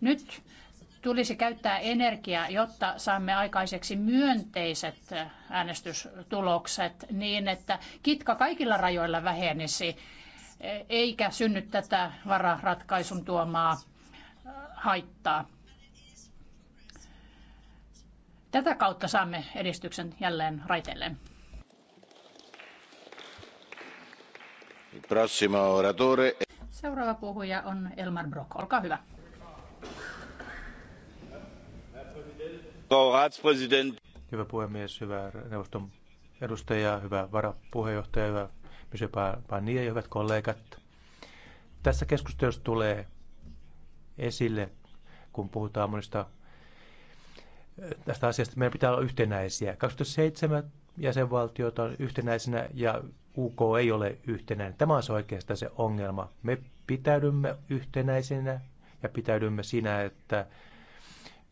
Nyt tulisi käyttää energiaa, jotta saamme aikaiseksi myönteiset äänestystulokset niin, että kitka kaikilla rajoilla vähenisi, eikä synny tätä vararatkaisun tuomaa äh, haittaa. Tätä kautta saamme edistyksen jälleen raiteilleen. Seuraava puhuja on Elmar Brok. Olkaa hyvä. Hyvä puhemies, hyvä neuvoston edustaja, hyvä varapuheenjohtaja, hyvä Michel ja hyvät kollegat. Tässä keskustelussa tulee esille, kun puhutaan monista tästä asiasta, meidän pitää olla yhtenäisiä. 27 jäsenvaltiota on yhtenäisenä ja UK ei ole yhtenäinen. Tämä on se oikeastaan se ongelma. Me pitäydymme yhtenäisenä ja pitäydymme siinä, että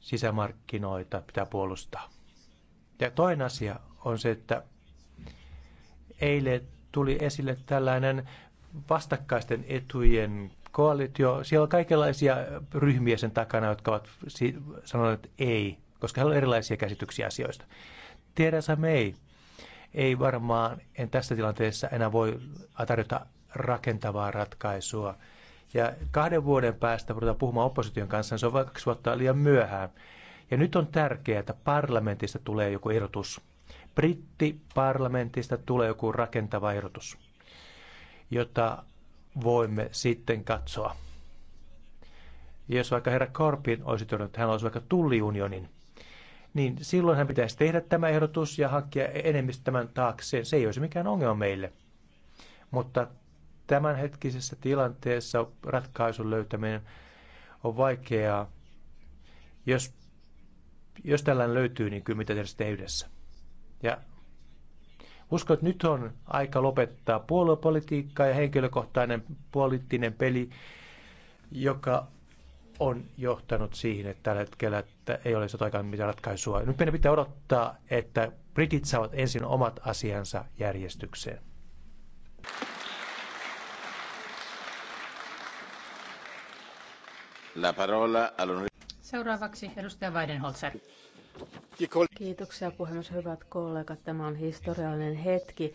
sisämarkkinoita pitää puolustaa. Ja toinen asia on se, että eilen tuli esille tällainen vastakkaisten etujen koalitio. Siellä on kaikenlaisia ryhmiä sen takana, jotka ovat sanoneet ei, koska heillä on erilaisia käsityksiä asioista. me ei. ei varmaan en tässä tilanteessa enää voi tarjota rakentavaa ratkaisua ja kahden vuoden päästä ruvetaan puhumaan opposition kanssa, niin se on kaksi vuotta liian myöhään. Ja nyt on tärkeää, että parlamentista tulee joku ehdotus. Britti parlamentista tulee joku rakentava ehdotus, jota voimme sitten katsoa. Ja jos vaikka herra Korpin olisi todennut, että hän olisi vaikka tulliunionin, niin silloin hän pitäisi tehdä tämä ehdotus ja hankkia enemmistö tämän taakseen. Se ei olisi mikään ongelma meille. Mutta tämänhetkisessä tilanteessa ratkaisun löytäminen on vaikeaa. Jos, jos tällainen löytyy, niin kyllä mitä tehdä sitten yhdessä. Ja uskon, että nyt on aika lopettaa puoluepolitiikka ja henkilökohtainen poliittinen peli, joka on johtanut siihen, että tällä hetkellä että ei ole sotaikaan mitään ratkaisua. Nyt meidän pitää odottaa, että britit saavat ensin omat asiansa järjestykseen. La parola Seuraavaksi edustaja Weidenholzer. Kiitoksia puhemies, hyvät kollegat. Tämä on historiallinen hetki.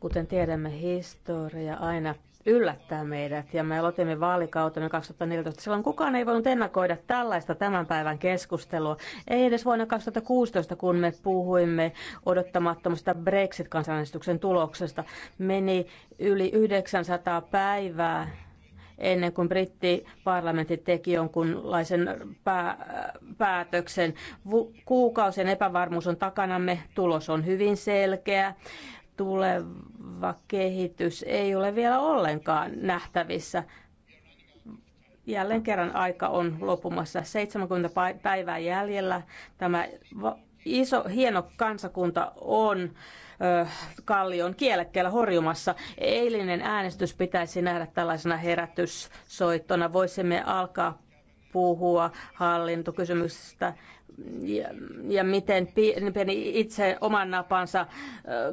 Kuten tiedämme, historia aina yllättää meidät ja me aloitimme vaalikautemme 2014. Silloin kukaan ei voinut ennakoida tällaista tämän päivän keskustelua. Ei edes vuonna 2016, kun me puhuimme odottamattomasta Brexit-kansanäänestyksen tuloksesta. Meni yli 900 päivää ennen kuin brittiparlamentti teki jonkunlaisen päätöksen. Kuukausien epävarmuus on takanamme, tulos on hyvin selkeä tuleva kehitys ei ole vielä ollenkaan nähtävissä. Jälleen kerran aika on lopumassa. 70 päivää jäljellä. Tämä iso, hieno kansakunta on kallion kielekkeellä horjumassa. Eilinen äänestys pitäisi nähdä tällaisena herätyssoittona. Voisimme alkaa puhua hallintokysymyksistä ja, ja miten pieni itse oman napansa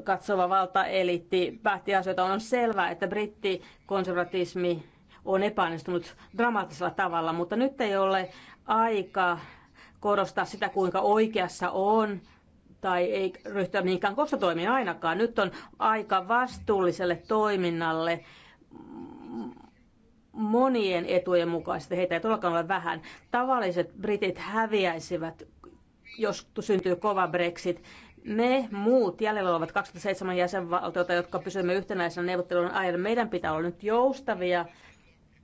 katsova valtaeliitti päätti asioita. On selvää, että brittikonservatismi on epäonnistunut dramaattisella tavalla, mutta nyt ei ole aika korostaa sitä, kuinka oikeassa on tai ei ryhtyä mihinkään kostotoimiin ainakaan. Nyt on aika vastuulliselle toiminnalle monien etujen mukaisesti. Heitä ei todellakaan ole vähän. Tavalliset britit häviäisivät, jos syntyy kova Brexit. Me muut jäljellä olevat 27 jäsenvaltiota, jotka pysymme yhtenäisenä neuvottelun ajan, meidän pitää olla nyt joustavia,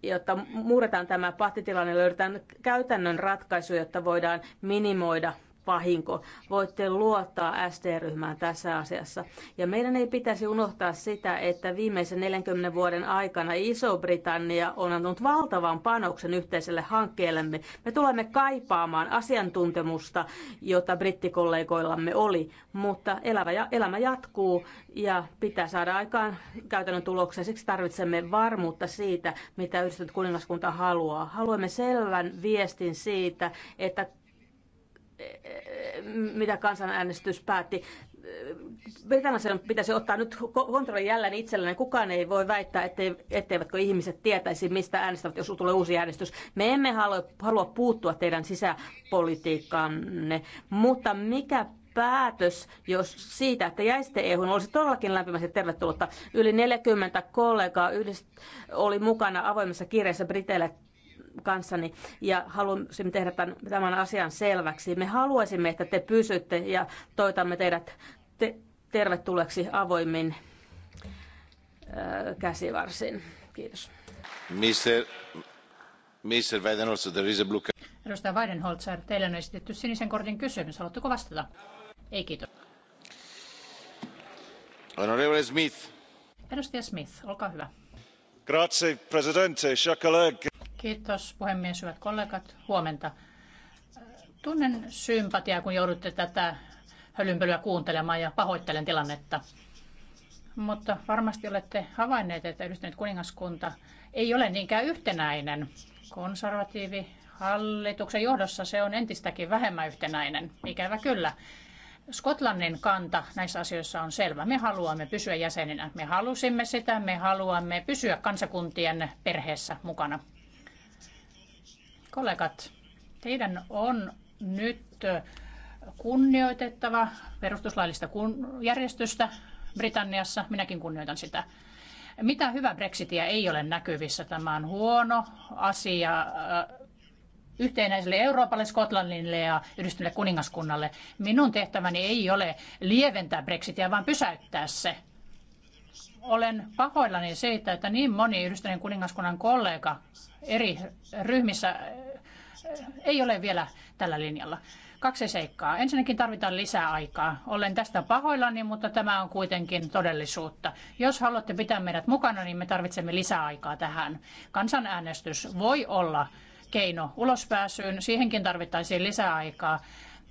jotta muuretaan tämä pahtitilanne ja löydetään käytännön ratkaisu, jotta voidaan minimoida vahinko. Voitte luottaa ST-ryhmään tässä asiassa. Ja meidän ei pitäisi unohtaa sitä, että viimeisen 40 vuoden aikana Iso-Britannia on antanut valtavan panoksen yhteiselle hankkeellemme. Me tulemme kaipaamaan asiantuntemusta, jota brittikollegoillamme oli, mutta elämä, elämä jatkuu ja pitää saada aikaan käytännön tuloksia. Siksi tarvitsemme varmuutta siitä, mitä yhdistetty kuningaskunta haluaa. Haluamme selvän viestin siitä, että mitä kansanäänestys päätti. Britannian pitäisi ottaa nyt kontrolli jälleen itselleen. Kukaan ei voi väittää, ettei, etteivätkö ihmiset tietäisi, mistä äänestävät, jos tulee uusi äänestys. Me emme halua, halua puuttua teidän sisäpolitiikkaanne, mutta mikä päätös jos siitä, että jäisitte eu olisi todellakin lämpimästi tervetullutta. Yli 40 kollegaa yhdist- oli mukana avoimessa kirjassa Briteille kanssani ja haluaisimme tehdä tämän, tämän asian selväksi. Me haluaisimme, että te pysytte ja toitamme teidät te- tervetulleeksi avoimin ö, äh, käsivarsin. Kiitos. Mister, Mister Weidenholzer, blue... Edustaja Weidenholzer, teille on esitetty sinisen kortin kysymys. Haluatteko vastata? Ei kiitos. Honorable Smith. Edustaja Smith, olkaa hyvä. Grazie, presidente, Kiitos puhemies, hyvät kollegat. Huomenta. Tunnen sympatiaa, kun joudutte tätä hölynpölyä kuuntelemaan ja pahoittelen tilannetta. Mutta varmasti olette havainneet, että yhdistynyt kuningaskunta ei ole niinkään yhtenäinen. Konservatiivi hallituksen johdossa se on entistäkin vähemmän yhtenäinen, ikävä kyllä. Skotlannin kanta näissä asioissa on selvä. Me haluamme pysyä jäseninä. Me halusimme sitä, me haluamme pysyä kansakuntien perheessä mukana. Kollegat, teidän on nyt kunnioitettava perustuslaillista kun- järjestystä Britanniassa. Minäkin kunnioitan sitä. Mitä hyvä Brexitiä ei ole näkyvissä. Tämä on huono asia äh, yhteenäiselle Euroopalle, Skotlannille ja yhdistyneelle kuningaskunnalle. Minun tehtäväni ei ole lieventää Brexitiä, vaan pysäyttää se olen pahoillani siitä, että niin moni yhdistyneen kuningaskunnan kollega eri ryhmissä eh, ei ole vielä tällä linjalla. Kaksi seikkaa. Ensinnäkin tarvitaan lisää aikaa. Olen tästä pahoillani, mutta tämä on kuitenkin todellisuutta. Jos haluatte pitää meidät mukana, niin me tarvitsemme lisää aikaa tähän. Kansanäänestys voi olla keino ulospääsyyn. Siihenkin tarvittaisiin lisää aikaa.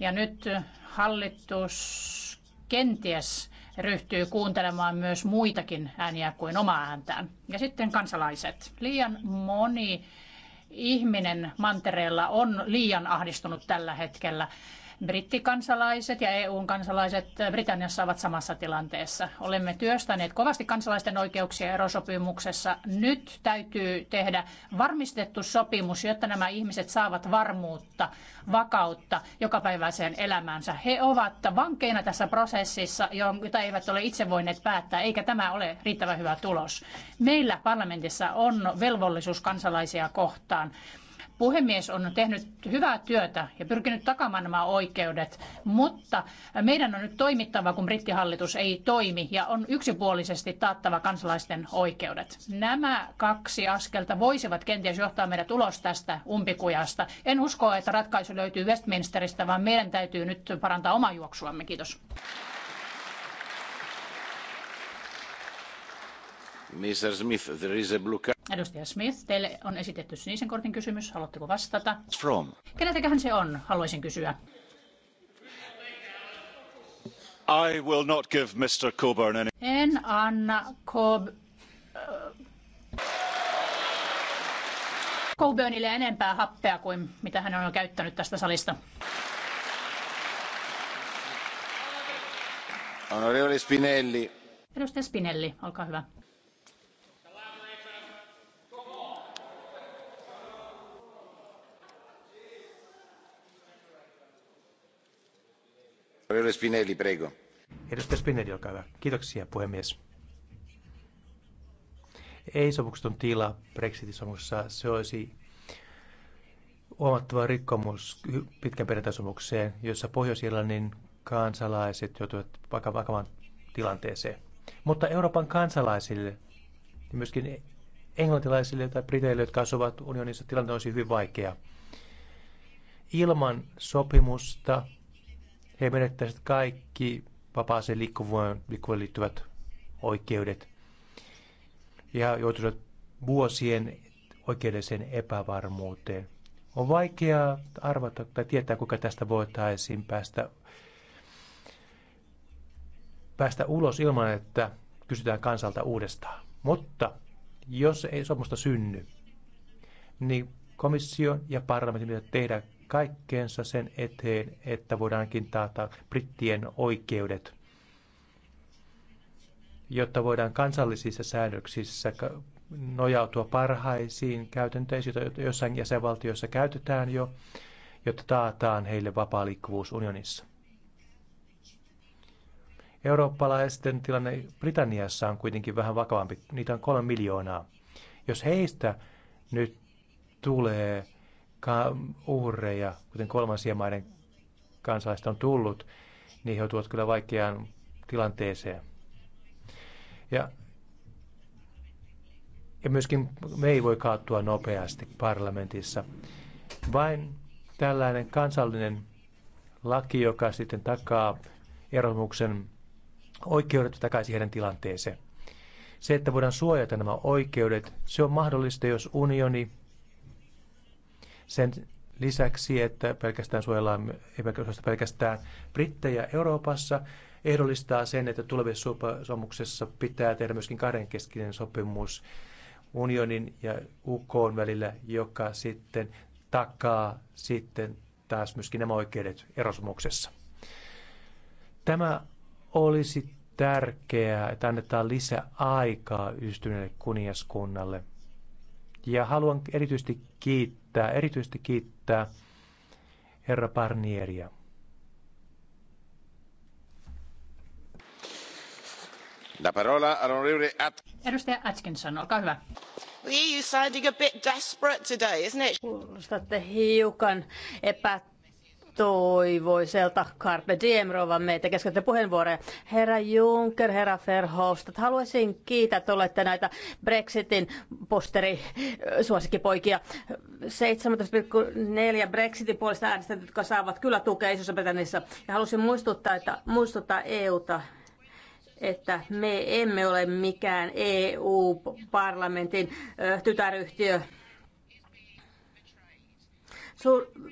Ja nyt hallitus kenties ryhtyy kuuntelemaan myös muitakin ääniä kuin omaa ääntään. Ja sitten kansalaiset. Liian moni ihminen mantereella on liian ahdistunut tällä hetkellä. Brittikansalaiset ja EUn kansalaiset äh, Britanniassa ovat samassa tilanteessa. Olemme työstäneet kovasti kansalaisten oikeuksia erosopimuksessa. Nyt täytyy tehdä varmistettu sopimus, jotta nämä ihmiset saavat varmuutta, vakautta jokapäiväiseen elämäänsä. He ovat vankeina tässä prosessissa, jota eivät ole itse voineet päättää, eikä tämä ole riittävän hyvä tulos. Meillä parlamentissa on velvollisuus kansalaisia kohtaan puhemies on tehnyt hyvää työtä ja pyrkinyt takaamaan nämä oikeudet, mutta meidän on nyt toimittava, kun brittihallitus ei toimi ja on yksipuolisesti taattava kansalaisten oikeudet. Nämä kaksi askelta voisivat kenties johtaa meidät ulos tästä umpikujasta. En usko, että ratkaisu löytyy Westminsteristä, vaan meidän täytyy nyt parantaa omaa juoksuamme. Kiitos. Mr. Smith, there is a blue card. Edustaja Smith, teille on esitetty sinisen kortin kysymys. Haluatteko vastata? From. Keneltäköhän se on? Haluaisin kysyä. I will not give Mr. Coburn any... En anna Cob... Coburnille enempää happea kuin mitä hän on jo käyttänyt tästä salista. Onorevole Spinelli. Edustaja Spinelli, olkaa hyvä. Olle Edustaja Spinelli, olkaa hyvä. Kiitoksia, puhemies. Ei-sopimukseton tila Brexitin sopimuksessa, se olisi huomattava rikkomus pitkän perjantaisomukseen, jossa Pohjois-Irlannin kansalaiset joutuvat vakavaan tilanteeseen. Mutta Euroopan kansalaisille ja myöskin englantilaisille tai briteille, jotka asuvat unionissa, tilanne olisi hyvin vaikea. Ilman sopimusta he menettäisivät kaikki vapaaseen liikkuvuuteen, liikkuvuuteen liittyvät oikeudet ja joutuisivat vuosien oikeudelliseen epävarmuuteen. On vaikeaa arvata tai tietää, kuinka tästä voitaisiin päästä, päästä ulos ilman, että kysytään kansalta uudestaan. Mutta jos ei sopimusta synny, niin komission ja parlamentin pitää tehdä kaikkeensa sen eteen, että voidaankin taata brittien oikeudet, jotta voidaan kansallisissa säännöksissä nojautua parhaisiin käytänteisiin, joita jossain jäsenvaltioissa käytetään jo, jotta taataan heille vapaa liikkuvuus unionissa. Eurooppalaisten tilanne Britanniassa on kuitenkin vähän vakavampi. Niitä on kolme miljoonaa. Jos heistä nyt tulee uhreja, kuten kolmansien maiden kansalaista on tullut, niin he joutuvat kyllä vaikeaan tilanteeseen. Ja, ja myöskin me ei voi kaattua nopeasti parlamentissa. Vain tällainen kansallinen laki, joka sitten takaa eromuksen oikeudet takaisin heidän tilanteeseen. Se, että voidaan suojata nämä oikeudet, se on mahdollista, jos unioni sen lisäksi, että pelkästään suojellaan, ei pelkästään, pelkästään brittejä Euroopassa, ehdollistaa sen, että tulevissa sopimuksessa pitää tehdä myöskin kahdenkeskinen sopimus unionin ja UK välillä, joka sitten takaa sitten taas myöskin nämä oikeudet erosopimuksessa. Tämä olisi tärkeää, että annetaan lisää aikaa yhdistyneelle kuningaskunnalle – ja haluan erityisesti kiittää, erityisesti kiittää herra Barnieria. La parola all'onorevole At- Edustaja Atkinson, olkaa hyvä. The EU sounding a bit desperate today, isn't it? Kuulostatte hiukan epä toivoiselta Carpe Diem Rovan meitä keskeltä puheenvuoroja. Herra Juncker, herra Verhofstadt, haluaisin kiittää, että olette näitä Brexitin posteri äh, suosikkipoikia. 17,4 Brexitin puolesta äänestäjät, jotka saavat kyllä tukea isossa britannissa Ja halusin muistuttaa, että, muistuttaa EUta että me emme ole mikään EU-parlamentin äh, tytäryhtiö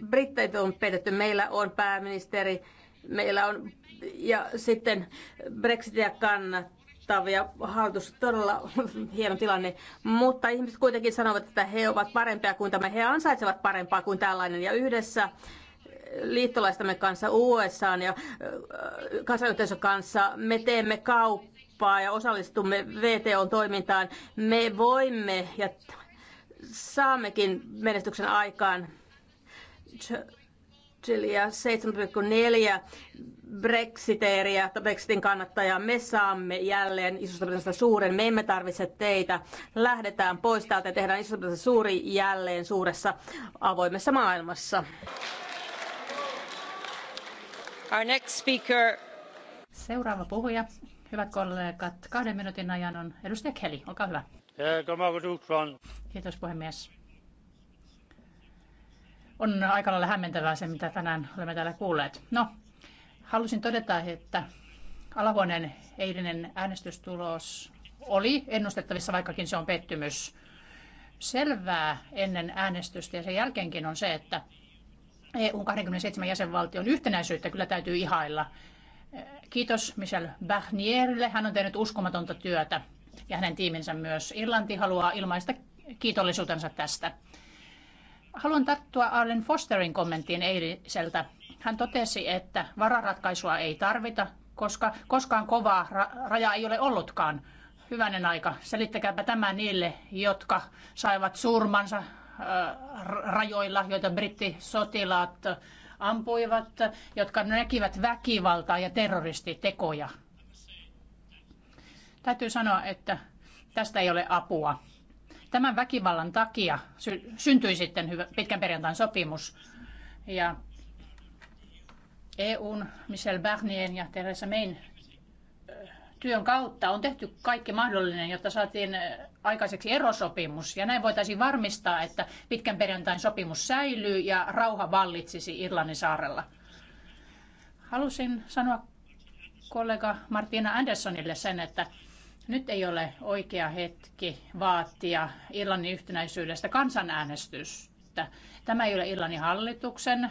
Britteitä on pidetty, meillä on pääministeri, meillä on ja sitten Brexitia kannattavia hallitus, todella hieno tilanne, mutta ihmiset kuitenkin sanovat, että he ovat parempia kuin tämä, he ansaitsevat parempaa kuin tällainen ja yhdessä eh, liittolaistamme kanssa USA ja eh, kansainvälisen kanssa me teemme kauppaa ja osallistumme VTOn toimintaan. Me voimme ja saammekin menestyksen aikaan Churchillia, 7,4 brexiteeriä, brexitin kannattajaa. Me saamme jälleen isosta suuren. Me emme tarvitse teitä. Lähdetään pois täältä ja tehdään isosta suuri jälleen suuressa avoimessa maailmassa. Our next speaker. Seuraava puhuja, hyvät kollegat, kahden minuutin ajan on edustaja Kelly. Olkaa hyvä. Kiitos puhemies on aika lailla hämmentävää se, mitä tänään olemme täällä kuulleet. No, halusin todeta, että alahuoneen eilinen äänestystulos oli ennustettavissa, vaikkakin se on pettymys. Selvää ennen äänestystä ja sen jälkeenkin on se, että EU 27 jäsenvaltion yhtenäisyyttä kyllä täytyy ihailla. Kiitos Michel Barnierille. Hän on tehnyt uskomatonta työtä ja hänen tiiminsä myös. Irlanti haluaa ilmaista kiitollisuutensa tästä. Haluan tarttua Arlen Fosterin kommenttiin eiliseltä. Hän totesi, että vararatkaisua ei tarvita, koska koskaan kovaa ra- rajaa ei ole ollutkaan. Hyvänen aika, selittäkääpä tämä niille, jotka saivat surmansa rajoilla, joita brittisotilaat ampuivat, jotka näkivät väkivaltaa ja terroristitekoja. Täytyy sanoa, että tästä ei ole apua. Tämän väkivallan takia syntyi sitten hyvä, pitkän perjantain sopimus. Ja EUn, Michel Barnier ja Theresa Mayn työn kautta on tehty kaikki mahdollinen, jotta saatiin aikaiseksi erosopimus. Ja näin voitaisiin varmistaa, että pitkän perjantain sopimus säilyy ja rauha vallitsisi Irlannin saarella. Halusin sanoa kollega Martina Anderssonille sen, että nyt ei ole oikea hetki vaatia Irlannin yhtenäisyydestä kansanäänestystä. Tämä ei ole Irlannin hallituksen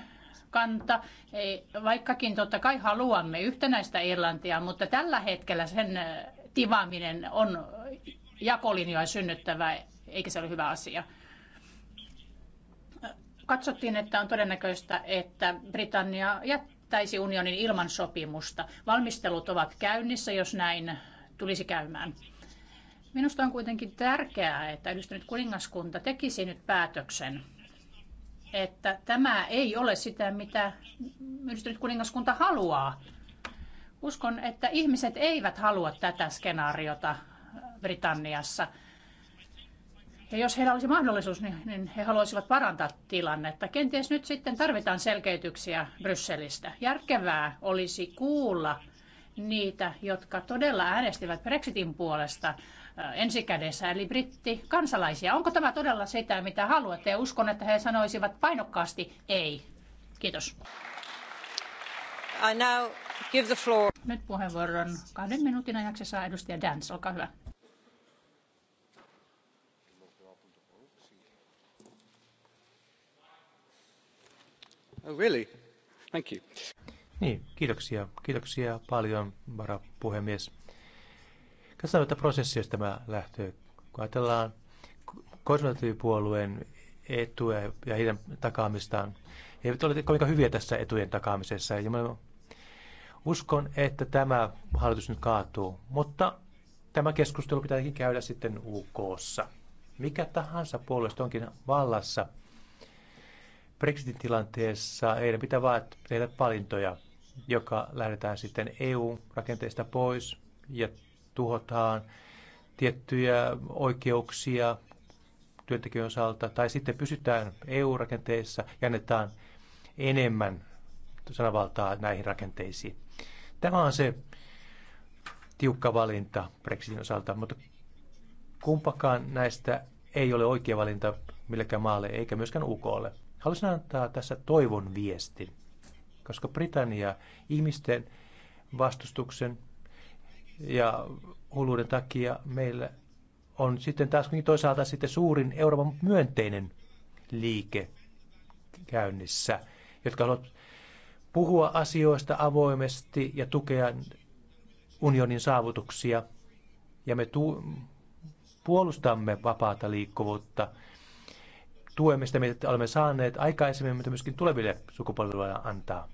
kanta, ei, vaikkakin totta kai haluamme yhtenäistä Irlantia, mutta tällä hetkellä sen tivaaminen on jakolinjoja synnyttävä, eikä se ole hyvä asia. Katsottiin, että on todennäköistä, että Britannia jättäisi unionin ilman sopimusta. Valmistelut ovat käynnissä, jos näin tulisi käymään. Minusta on kuitenkin tärkeää, että yhdistynyt kuningaskunta tekisi nyt päätöksen, että tämä ei ole sitä, mitä yhdistynyt kuningaskunta haluaa. Uskon, että ihmiset eivät halua tätä skenaariota Britanniassa. Ja jos heillä olisi mahdollisuus, niin, niin he haluaisivat parantaa tilannetta. Kenties nyt sitten tarvitaan selkeytyksiä Brysselistä. Järkevää olisi kuulla niitä, jotka todella äänestivät Brexitin puolesta äh, ensikädessä, eli britti kansalaisia. Onko tämä todella sitä, mitä haluatte? Ja uskon, että he sanoisivat painokkaasti ei. Kiitos. I now give the floor. Nyt puheenvuoron kahden minuutin ajaksi saa edustaja Dance. Olkaa hyvä. Oh, really? Thank you. Niin, kiitoksia. Kiitoksia paljon, varapuhemies. Katsotaan, että prosessi, jos tämä lähtee. Kun ajatellaan konservatiivipuolueen etuja ja heidän takaamistaan, he eivät ole kovinkaan hyviä tässä etujen takaamisessa. Ja uskon, että tämä hallitus nyt kaatuu, mutta tämä keskustelu pitääkin käydä sitten UKssa. Mikä tahansa puolueesta onkin vallassa, Brexitin tilanteessa heidän pitää vaan tehdä valintoja joka lähdetään sitten eu rakenteista pois ja tuhotaan tiettyjä oikeuksia työntekijöiden osalta, tai sitten pysytään EU-rakenteissa ja annetaan enemmän sanavaltaa näihin rakenteisiin. Tämä on se tiukka valinta Brexitin osalta, mutta kumpakaan näistä ei ole oikea valinta millekään maalle eikä myöskään UKlle. Haluaisin antaa tässä toivon viestin koska Britannia ihmisten vastustuksen ja hulluuden takia meillä on sitten taas niin toisaalta sitten suurin Euroopan myönteinen liike käynnissä, jotka haluavat puhua asioista avoimesti ja tukea unionin saavutuksia. Ja me tu- puolustamme vapaata liikkuvuutta, tuemme sitä, mitä olemme saaneet aikaisemmin, mutta myöskin tuleville sukupolville antaa.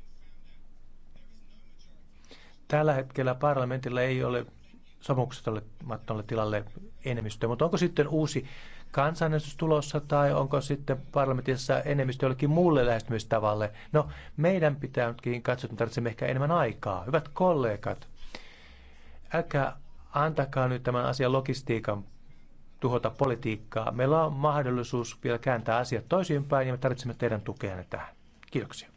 Tällä hetkellä parlamentilla ei ole sopimuksettomalle tilalle enemmistö, mutta onko sitten uusi kansanäänestys tulossa tai onko sitten parlamentissa enemmistö jollekin muulle lähestymistavalle? No, meidän pitää nytkin katsoa, että me tarvitsemme ehkä enemmän aikaa. Hyvät kollegat, älkää antakaa nyt tämän asian logistiikan tuhota politiikkaa. Meillä on mahdollisuus vielä kääntää asiat toisinpäin ja me tarvitsemme teidän tukeanne tähän. Kiitoksia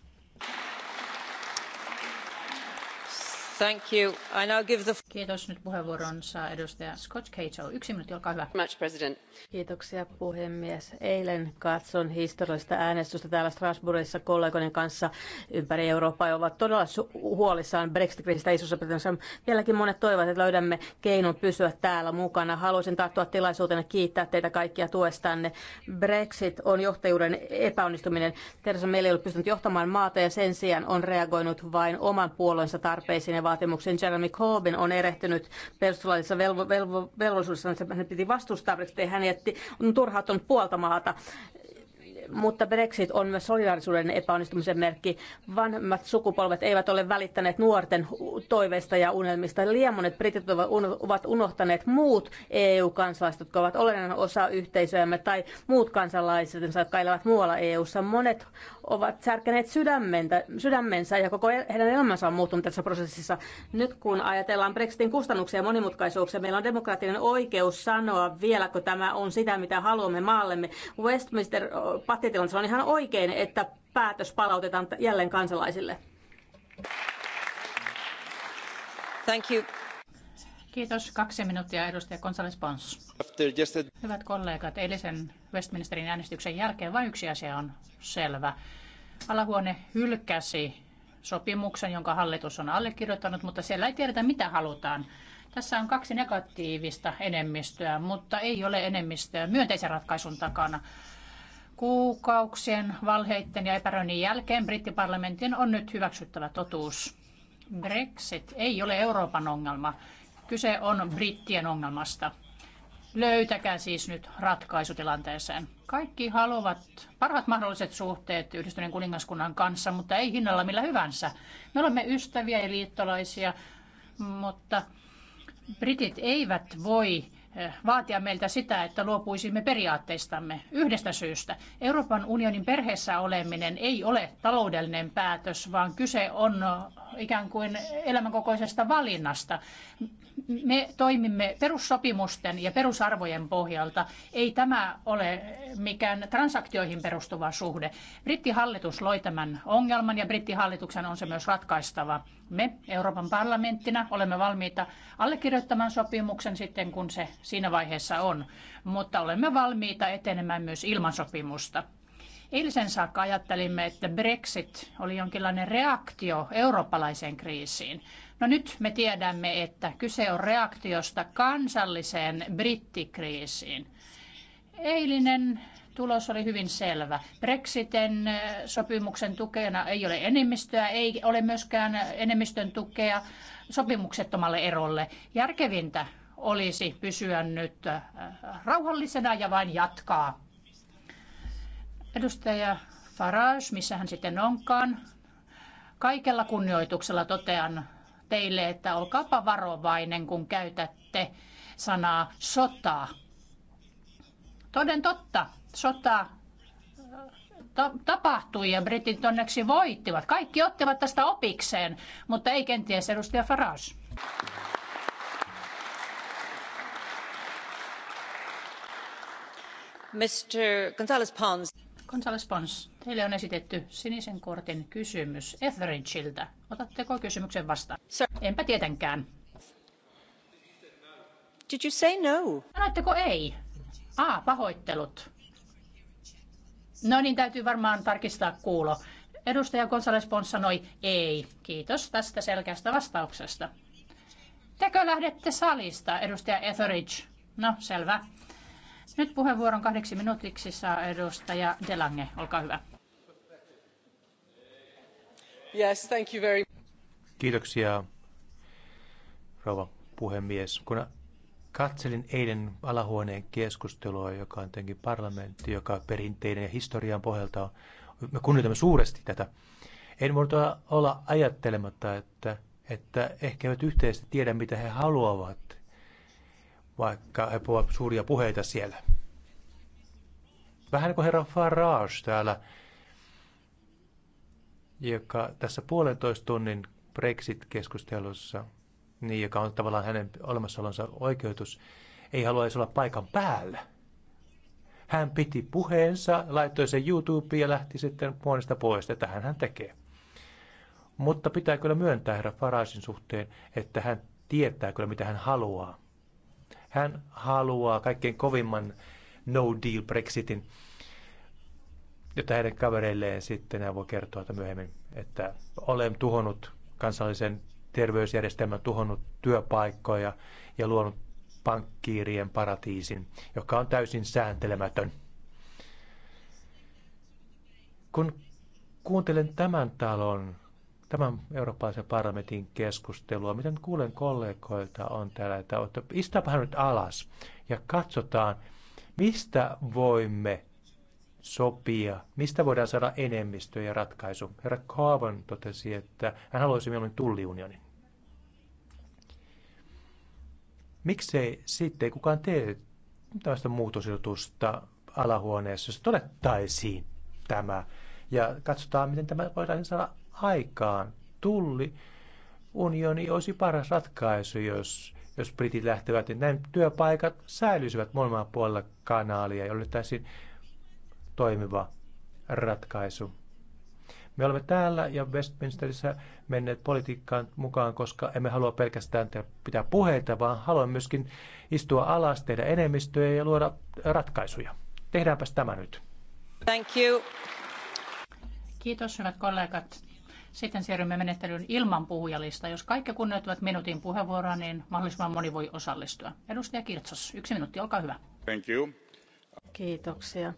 arvoisa Kiitos. Nyt Kiitoksia puhemies. Eilen katson historiallista äänestystä täällä Strasbourgissa kollegoiden kanssa ympäri Eurooppaa ja ovat todella huolissaan Brexit-kriisistä isossa britanniassa Vieläkin monet toivovat, että löydämme keinon pysyä täällä mukana. Haluaisin tarttua ja kiittää teitä kaikkia tuestanne. Brexit on johtajuuden epäonnistuminen. Teresa meillä ei ole pystynyt johtamaan maata ja sen sijaan on reagoinut vain oman puolueensa tarpeisiin ja vaatimuksen Jeremy Corbyn on erehtynyt perustuslaillisessa velvo, velvo, velvollisuudessa, että hän piti vastustaa Brexitiä. Hän jätti turhauton puolta maata mutta Brexit on myös solidaarisuuden epäonnistumisen merkki. Vanhemmat sukupolvet eivät ole välittäneet nuorten toiveista ja unelmista. Liian monet britit ovat unohtaneet muut EU-kansalaiset, jotka ovat olennainen osa yhteisöämme, tai muut kansalaiset, jotka elävät muualla EU-ssa. Monet ovat särkeneet sydämensä ja koko heidän elämänsä on muuttunut tässä prosessissa. Nyt kun ajatellaan Brexitin kustannuksia ja monimutkaisuuksia, meillä on demokraattinen oikeus sanoa vielä, kun tämä on sitä, mitä haluamme maallemme. Westminster pattitilanteessa on ihan oikein, että päätös palautetaan jälleen kansalaisille. Thank you. Kiitos. Kaksi minuuttia edustaja Gonzales Pons. Hyvät kollegat, eilisen Westminsterin äänestyksen jälkeen vain yksi asia on selvä. Alahuone hylkäsi sopimuksen, jonka hallitus on allekirjoittanut, mutta siellä ei tiedetä, mitä halutaan. Tässä on kaksi negatiivista enemmistöä, mutta ei ole enemmistöä myönteisen ratkaisun takana. Kuukauksien valheitten ja epäröinnin jälkeen brittiparlamentin on nyt hyväksyttävä totuus. Brexit ei ole Euroopan ongelma. Kyse on brittien ongelmasta. Löytäkää siis nyt ratkaisutilanteeseen. Kaikki haluavat parhaat mahdolliset suhteet yhdistyneen kuningaskunnan kanssa, mutta ei hinnalla millä hyvänsä. Me olemme ystäviä ja liittolaisia, mutta britit eivät voi Eh, vaatia meiltä sitä, että luopuisimme periaatteistamme yhdestä syystä. Euroopan unionin perheessä oleminen ei ole taloudellinen päätös, vaan kyse on eh, ikään kuin elämänkokoisesta valinnasta. Me toimimme perussopimusten ja perusarvojen pohjalta. Ei tämä ole mikään transaktioihin perustuva suhde. Brittihallitus loi tämän ongelman ja brittihallituksen on se myös ratkaistava. Me Euroopan parlamenttina olemme valmiita allekirjoittamaan sopimuksen sitten, kun se siinä vaiheessa on, mutta olemme valmiita etenemään myös ilman sopimusta. Eilisen saakka ajattelimme, että Brexit oli jonkinlainen reaktio eurooppalaiseen kriisiin. No nyt me tiedämme, että kyse on reaktiosta kansalliseen brittikriisiin. Eilinen tulos oli hyvin selvä. Brexitin eh, sopimuksen tukena ei ole enemmistöä, ei ole myöskään enemmistön tukea sopimuksettomalle erolle. Järkevintä olisi pysyä nyt eh, rauhallisena ja vain jatkaa. Edustaja Farage, missä hän sitten onkaan, kaikella kunnioituksella totean teille, että olkaapa varovainen, kun käytätte sanaa sota. Toden totta, sota tapahtui ja britit onneksi voittivat. Kaikki ottivat tästä opikseen, mutta ei kenties edustaja Farage. Mr. González Pons. González Pons, teille on esitetty sinisen kortin kysymys Etheridgeiltä. Otatteko kysymyksen vastaan? Sir. Enpä tietenkään. Did you say no? Sanoitteko ei? A, pahoittelut. No niin, täytyy varmaan tarkistaa kuulo. Edustaja Gonzales Pons sanoi ei. Kiitos tästä selkeästä vastauksesta. Tekö lähdette salista, edustaja Etheridge? No, selvä. Nyt puheenvuoron kahdeksi minuutiksi saa edustaja Delange. Olkaa hyvä. Yes, thank you very... Kiitoksia, rouva puhemies. Kun Katselin eilen alahuoneen keskustelua, joka on tietenkin parlamentti, joka perinteinen ja historian pohjalta on. Me kunnioitamme suuresti tätä. En voinut tuota olla ajattelematta, että, että ehkä eivät yhteisesti tiedä, mitä he haluavat, vaikka he puhuvat suuria puheita siellä. Vähän niin kuin herra Farage täällä, joka tässä puolentoista tunnin Brexit-keskustelussa niin joka on tavallaan hänen olemassaolonsa oikeutus, ei haluaisi olla paikan päällä. Hän piti puheensa, laittoi sen YouTubeen ja lähti sitten huoneesta pois, että hän hän tekee. Mutta pitää kyllä myöntää herra Farasin suhteen, että hän tietää kyllä mitä hän haluaa. Hän haluaa kaikkein kovimman no deal Brexitin, jota heidän kavereilleen sitten hän voi kertoa että myöhemmin, että olen tuhonnut kansallisen terveysjärjestelmä tuhonnut työpaikkoja ja luonut pankkiirien paratiisin, joka on täysin sääntelemätön. Kun kuuntelen tämän talon, tämän eurooppalaisen parlamentin keskustelua, mitä kuulen kollegoilta on täällä, että istapahan nyt alas ja katsotaan, mistä voimme sopia, mistä voidaan saada enemmistö ja ratkaisu. Herra Kaavan totesi, että hän haluaisi mieluummin tulliunionin. Miksei sitten kukaan tee tällaista muutosjutusta alahuoneessa, jos todettaisiin tämä ja katsotaan, miten tämä voidaan saada aikaan. Tulli unioni olisi paras ratkaisu, jos, jos britit lähtevät, näin työpaikat säilyisivät molemmilla puolella kanaalia, jolloin toimiva ratkaisu. Me olemme täällä ja Westminsterissä menneet politiikkaan mukaan, koska emme halua pelkästään pitää puheita, vaan haluamme myöskin istua alas, tehdä enemmistöjä ja luoda ratkaisuja. Tehdäänpäs tämä nyt. Thank you. Kiitos hyvät kollegat. Sitten siirrymme menettelyyn ilman puhujalista. Jos kaikki kunnioittavat minuutin puheenvuoroa, niin mahdollisimman moni voi osallistua. Edustaja Kirtsos, yksi minuutti, olkaa hyvä. Thank you. Kiitoksia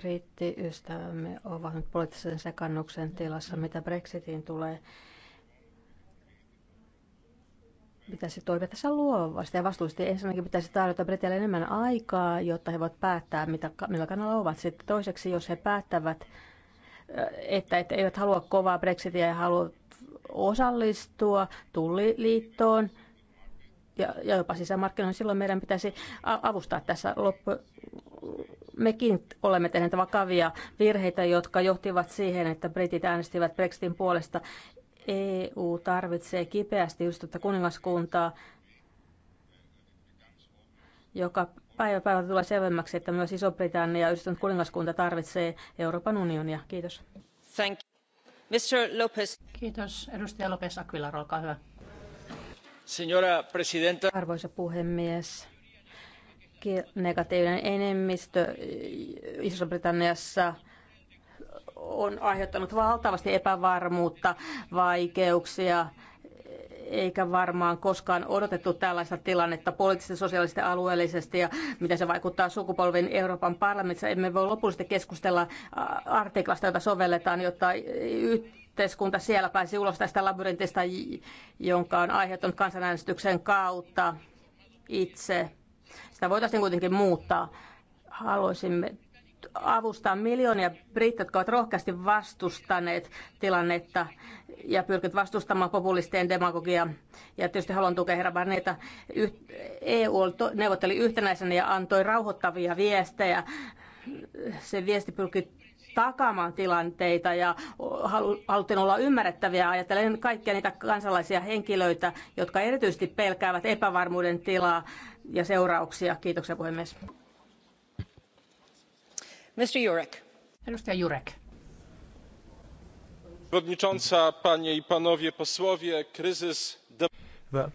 brittiystävämme ovat nyt poliittisen sekannuksen tilassa, mitä Brexitiin tulee. Pitäisi toimia tässä luovasti ja vastuullisesti. Ensinnäkin pitäisi tarjota Britille enemmän aikaa, jotta he voivat päättää, mitä, millä kannalla ovat. Sitten toiseksi, jos he päättävät, äh, että, että eivät halua kovaa Brexitiä ja haluavat osallistua tulliliittoon, ja, ja jopa sisämarkkinoihin, silloin meidän pitäisi avustaa tässä loppu, mekin olemme tehneet vakavia virheitä, jotka johtivat siihen, että britit äänestivät Brexitin puolesta. EU tarvitsee kipeästi ystävät kuningaskuntaa, joka päivä päivältä tulee selvemmäksi, että myös Iso-Britannia ja yhdistynyt kuningaskunta tarvitsee Euroopan unionia. Kiitos. Thank you. Mr. Lopez. Kiitos. Edustaja Lopez Aquilar, olkaa hyvä. presidenta. Arvoisa puhemies negatiivinen enemmistö Iso-Britanniassa on aiheuttanut valtavasti epävarmuutta, vaikeuksia, eikä varmaan koskaan odotettu tällaista tilannetta poliittisesti, sosiaalisesti, alueellisesti ja miten se vaikuttaa sukupolven Euroopan parlamentissa. Emme voi lopullisesti keskustella artiklasta, jota sovelletaan, jotta yhteiskunta siellä pääsi ulos tästä labyrintistä, jonka on aiheuttanut kansanäänestyksen kautta itse sitä voitaisiin kuitenkin muuttaa. Haluaisimme avustaa miljoonia brittiä, jotka ovat rohkeasti vastustaneet tilannetta ja pyrkivät vastustamaan populistien demagogiaa. Ja tietysti haluan tukea herra Barneta. EU neuvotteli yhtenäisenä ja antoi rauhoittavia viestejä. Se viesti pyrkii takaamaan tilanteita ja haluttiin olla ymmärrettäviä ajatellen kaikkia niitä kansalaisia henkilöitä, jotka erityisesti pelkäävät epävarmuuden tilaa ja seurauksia. Kiitoksia puhemies. Mr. Jurek. Edustaja Jurek przewodnicząca! panie i panowie posłowie! kryzys. hyvä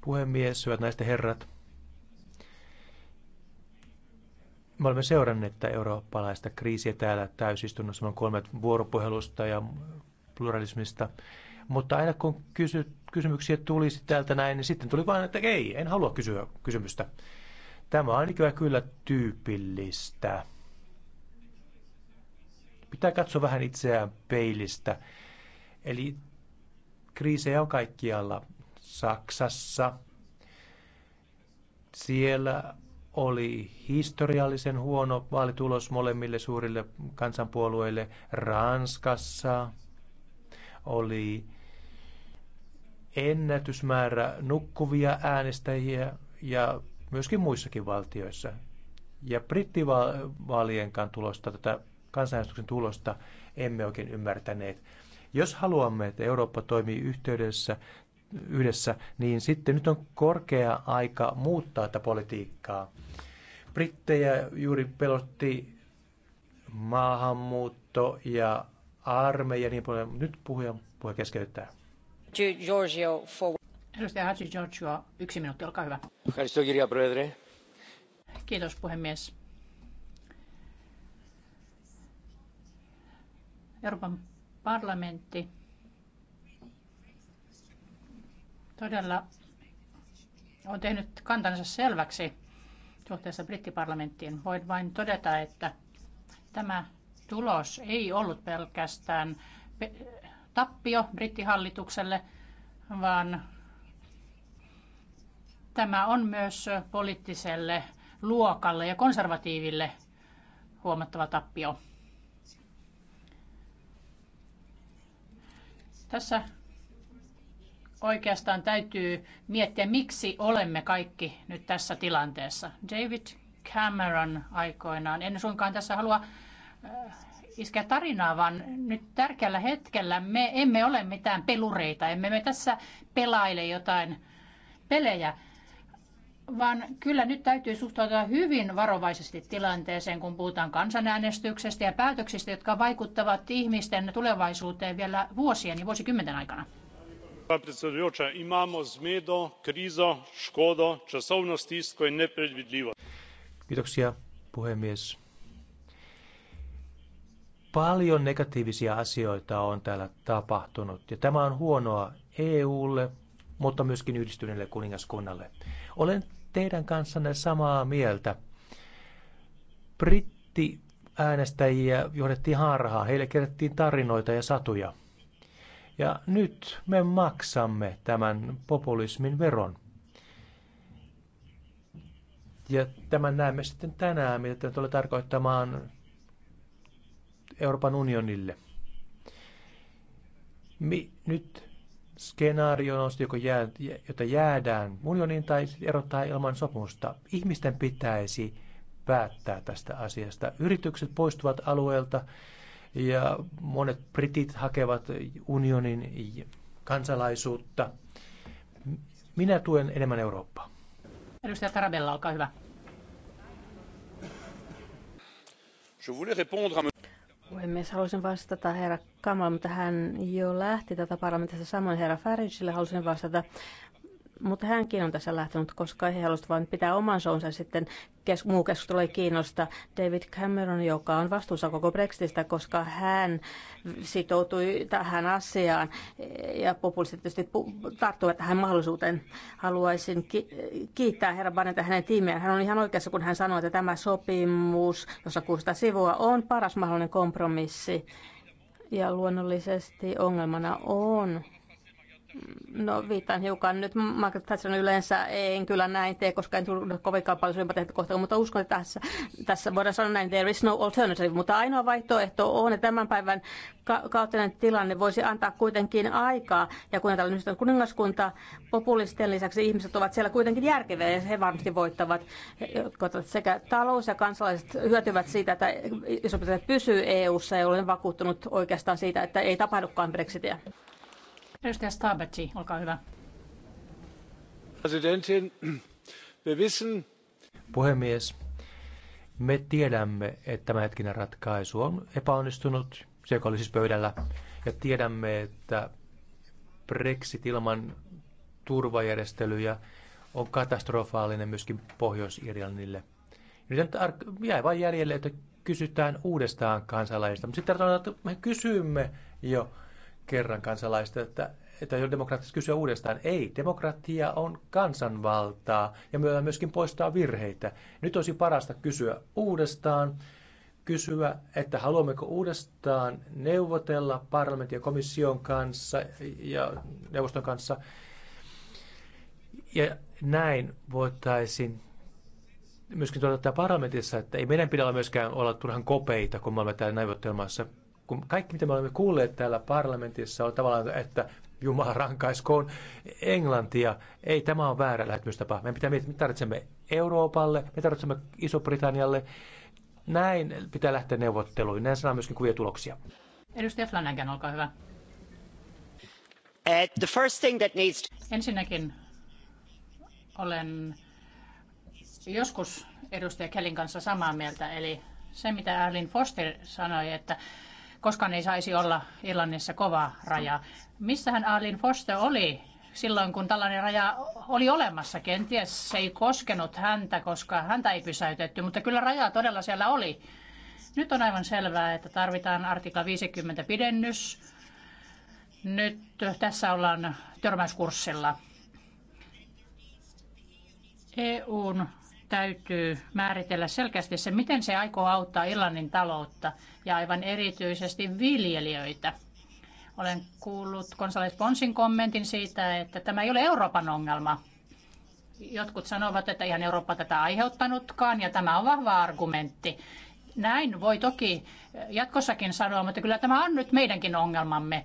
puhemies hyvät naiset herrat Me olemme seuranneet tätä eurooppalaista kriisiä täällä täysistunnossa, on kolme vuoropuhelusta ja pluralismista. Mutta aina kun kysy, kysymyksiä tuli täältä näin, niin sitten tuli vain, että ei, en halua kysyä kysymystä. Tämä on ikävä kyllä tyypillistä. Pitää katsoa vähän itseään peilistä. Eli kriisejä on kaikkialla. Saksassa, siellä oli historiallisen huono vaalitulos molemmille suurille kansanpuolueille. Ranskassa oli ennätysmäärä nukkuvia äänestäjiä ja myöskin muissakin valtioissa. Ja brittivaalienkaan tulosta, tätä kansanäänestyksen tulosta, emme oikein ymmärtäneet. Jos haluamme, että Eurooppa toimii yhteydessä, yhdessä, niin sitten nyt on korkea aika muuttaa tätä politiikkaa. Brittejä juuri pelotti maahanmuutto ja armeija niin paljon. Nyt puhuja, puhuja keskeyttää. Giorgio for... Edustaja Haji Giorgio, yksi minuutti, olkaa hyvä. Kiitos puhemies. Euroopan parlamentti todella on tehnyt kantansa selväksi suhteessa brittiparlamenttiin. Voin vain todeta, että tämä tulos ei ollut pelkästään tappio brittihallitukselle, vaan tämä on myös poliittiselle luokalle ja konservatiiville huomattava tappio. Tässä oikeastaan täytyy miettiä, miksi olemme kaikki nyt tässä tilanteessa. David Cameron aikoinaan, en suinkaan tässä halua äh, iskeä tarinaa, vaan nyt tärkeällä hetkellä me emme ole mitään pelureita, emme me tässä pelaile jotain pelejä, vaan kyllä nyt täytyy suhtautua hyvin varovaisesti tilanteeseen, kun puhutaan kansanäänestyksestä ja päätöksistä, jotka vaikuttavat ihmisten tulevaisuuteen vielä vuosien ja vuosikymmenten aikana gospa predsedujoča imamo zmedo krizo škodo časovno stisko ja nepredvidljivost. Kiitoksia puhemies. Paljon negatiivisia asioita on täällä tapahtunut ja tämä on huonoa EUlle, mutta myöskin yhdistyneelle kuningaskunnalle. Olen teidän kanssanne samaa mieltä. Britti äänestäjiä johdettiin harhaan, heille kerättiin tarinoita ja satuja – ja nyt me maksamme tämän populismin veron. Ja tämän näemme sitten tänään, mitä tämä tulee tarkoittamaan Euroopan unionille. Mi, nyt skenaario on, joko jää, jota jäädään unioniin tai erottaa ilman sopimusta. Ihmisten pitäisi päättää tästä asiasta. Yritykset poistuvat alueelta ja monet britit hakevat unionin kansalaisuutta. Minä tuen enemmän Eurooppaa. Edustaja Tarabella, olkaa hyvä. Puhemies, haluaisin vastata herra Kamala, mutta hän jo lähti tätä parlamentista samoin herra Farageille. Haluaisin vastata mutta hänkin on tässä lähtenyt, koska he halusivat vain pitää oman sounsa sitten kes- muu keskustelu ei kiinnosta. David Cameron, joka on vastuussa koko Brexitistä, koska hän sitoutui tähän asiaan ja populistit tietysti tarttuvat tähän mahdollisuuteen. Haluaisin ki- kiittää herra Barnetta hänen tiimiään. Hän on ihan oikeassa, kun hän sanoi, että tämä sopimus, jossa 600 sivua, on paras mahdollinen kompromissi. Ja luonnollisesti ongelmana on, No viitan hiukan nyt Margaret Thatcher yleensä en kyllä näin tee, koska en tullut kovinkaan paljon sympatiaa kohtaan, mutta uskon, että tässä, tässä voidaan sanoa näin, there is no alternative, mutta ainoa vaihtoehto on, että tämän päivän ka- kaoottinen tilanne voisi antaa kuitenkin aikaa, ja kun täällä on kuningaskunta, populisten lisäksi ihmiset ovat siellä kuitenkin järkeviä, ja he varmasti voittavat, sekä talous ja kansalaiset hyötyvät siitä, että iso pysyy EU-ssa, ja olen vakuuttunut oikeastaan siitä, että ei tapahdukaan Brexitia. Edustaja Presidentin, me wissen... Puhemies, me tiedämme, että tämänhetkinen ratkaisu on epäonnistunut, se joka oli siis pöydällä, ja tiedämme, että Brexit ilman turvajärjestelyjä on katastrofaalinen myöskin Pohjois-Irlannille. Nyt jäi vain jäljelle, että kysytään uudestaan kansalaisilta. Mutta sitten me kysymme jo kerran kansalaista, että, että jo demokraattisesti kysyä uudestaan. Ei, demokratia on kansanvaltaa ja myöhemmin myöskin poistaa virheitä. Nyt olisi parasta kysyä uudestaan, kysyä, että haluammeko uudestaan neuvotella parlamentin ja komission kanssa ja neuvoston kanssa. Ja näin voitaisiin myöskin tuota parlamentissa, että ei meidän pidä olla myöskään olla turhan kopeita, kun me olemme täällä neuvottelemassa kun kaikki mitä me olemme kuulleet täällä parlamentissa on tavallaan, että Jumala rankaiskoon Englantia. Ei tämä on väärä lähtemistapa. Me pitää miettiä, me tarvitsemme Euroopalle, me tarvitsemme Iso-Britannialle. Näin pitää lähteä neuvotteluihin. Näin saadaan myöskin kuvia tuloksia. Edustaja Flanagan, olkaa hyvä. Uh, the first thing that needs to... Ensinnäkin olen joskus edustaja Kellin kanssa samaa mieltä, eli se mitä Arlene Foster sanoi, että koskaan ei saisi olla Irlannissa kova raja. Missähän Arlene Foster oli silloin, kun tällainen raja oli olemassa? Kenties se ei koskenut häntä, koska häntä ei pysäytetty, mutta kyllä raja todella siellä oli. Nyt on aivan selvää, että tarvitaan artikla 50 pidennys. Nyt tässä ollaan törmäyskurssilla. EUn täytyy määritellä selkeästi se, miten se aikoo auttaa Irlannin taloutta ja aivan erityisesti viljelijöitä. Olen kuullut konsalais Ponsin kommentin siitä, että tämä ei ole Euroopan ongelma. Jotkut sanovat, että ihan Eurooppa tätä aiheuttanutkaan ja tämä on vahva argumentti. Näin voi toki jatkossakin sanoa, mutta kyllä tämä on nyt meidänkin ongelmamme.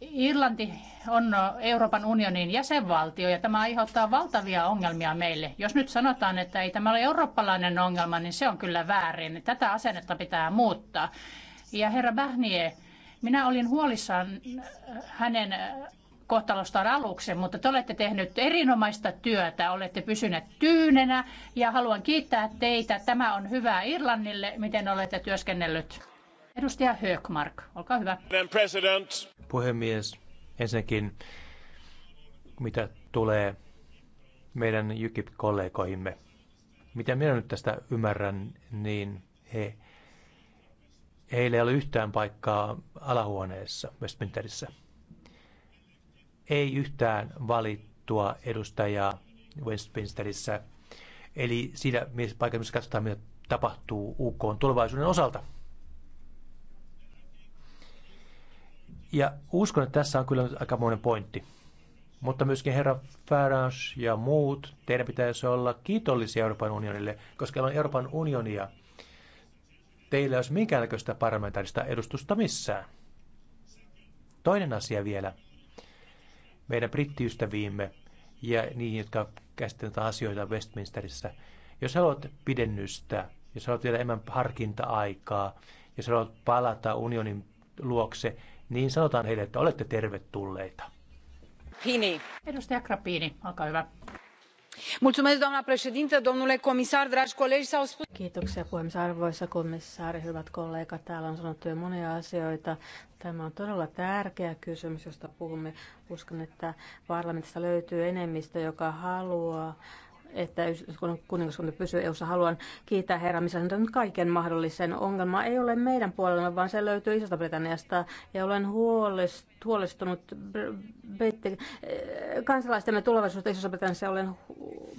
Irlanti on Euroopan unionin jäsenvaltio ja tämä aiheuttaa valtavia ongelmia meille. Jos nyt sanotaan, että ei tämä ole eurooppalainen ongelma, niin se on kyllä väärin. Tätä asennetta pitää muuttaa. Ja herra Bähnie, minä olin huolissaan hänen kohtalostaan aluksi, mutta te olette tehnyt erinomaista työtä, olette pysyneet tyynenä ja haluan kiittää teitä. Tämä on hyvä Irlannille, miten olette työskennellyt. Edustaja Höökmark, olkaa hyvä. President. Puhemies, ensinnäkin mitä tulee meidän UKIP-kollegoihimme. Mitä minä nyt tästä ymmärrän, niin he, heillä ei ole yhtään paikkaa alahuoneessa Westminsterissä. Ei yhtään valittua edustajaa Westminsterissä. Eli siinä paikassa, missä katsotaan, mitä tapahtuu UK tulevaisuuden osalta – Ja uskon, että tässä on kyllä monen pointti. Mutta myöskin herra Farage ja muut, teidän pitäisi olla kiitollisia Euroopan unionille, koska on Euroopan unionia. Teillä ei olisi minkäännäköistä parlamentaarista edustusta missään. Toinen asia vielä. Meidän brittiystäviimme ja niihin, jotka käsitellään asioita Westminsterissä. Jos haluat pidennystä, jos haluat vielä enemmän harkinta-aikaa, jos haluat palata unionin luokse, niin sanotaan heille, että olette tervetulleita. Hini. Edustaja Krapiini, olkaa hyvä. Mulțumesc, doamna președintă, domnule comisar, dragi colegi, s-au spus... Kiitoksia puhemies, arvoisa komissaari, hyvät kollegat. Täällä on sanottu jo monia asioita. Tämä on todella tärkeä kysymys, josta puhumme. Uskon, että parlamentista löytyy enemmistö, joka haluaa että kuningaskunta pysyy EU-ssa. Haluan kiittää herra on kaiken mahdollisen. Ongelma ei ole meidän puolella, vaan se löytyy isosta Britanniasta. Ja olen huolestunut britti, eh, kansalaistemme tulevaisuudesta isosta Britanniassa. Olen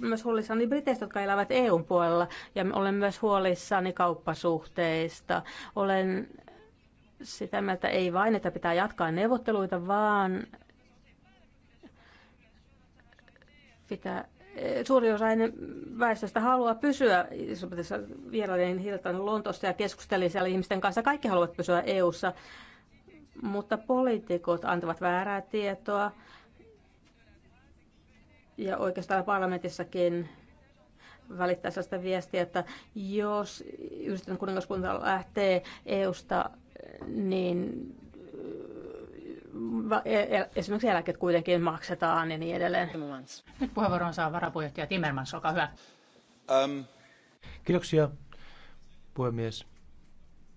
myös huolissani briteistä, jotka elävät EUn puolella. Ja olen myös huolissani kauppasuhteista. Olen sitä mieltä ei vain, että pitää jatkaa neuvotteluita, vaan pitää suuri osa väestöstä haluaa pysyä isompatissa vieraiden hiljattain Lontossa ja keskustelin siellä ihmisten kanssa. Kaikki haluavat pysyä EU-ssa, mutta poliitikot antavat väärää tietoa. Ja oikeastaan parlamentissakin välittää sellaista viestiä, että jos yhdistetyn kuningaskunta lähtee EUsta, niin E- e- esimerkiksi eläkkeet kuitenkin maksetaan ja niin edelleen. Nyt puheenvuoron saa varapuheenjohtaja Timmermans, olkaa hyvä. Um. Kiitoksia, puhemies.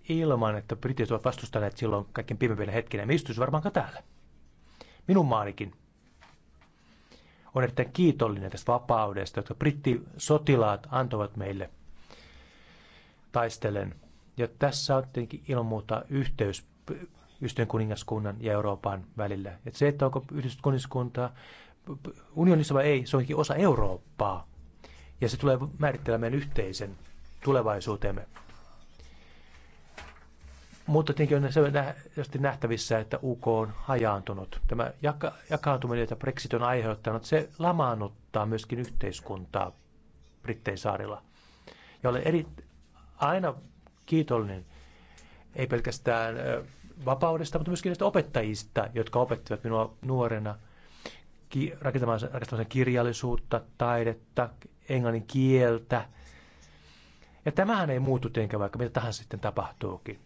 Ilman, että britit ovat vastustaneet silloin kaikkien pimevinä hetkinä, me istuisi varmaankaan täällä. Minun maanikin on erittäin kiitollinen tästä vapaudesta, jota brittisotilaat antoivat meille taistelen. Ja tässä on tietenkin ilman muuta yhteys Yhdistyneen kuningaskunnan ja Euroopan välillä. Et se, että onko yhdistynyt kuningaskunta unionissa vai ei, se onkin osa Eurooppaa. Ja se tulee määrittelemään yhteisen tulevaisuutemme. Mutta tietenkin on selvästi nähtävissä, että UK on hajaantunut. Tämä jaka- jakaantuminen, jota Brexit on aiheuttanut, se lamaannuttaa myöskin yhteiskuntaa Brittein saarilla. Ja olen eri, aina kiitollinen, ei pelkästään vapaudesta, mutta myöskin näistä opettajista, jotka opettivat minua nuorena ki- rakentamaan, rakentamaan kirjallisuutta, taidetta, englannin kieltä. Ja tämähän ei muutu tietenkään, vaikka mitä tahansa sitten tapahtuukin.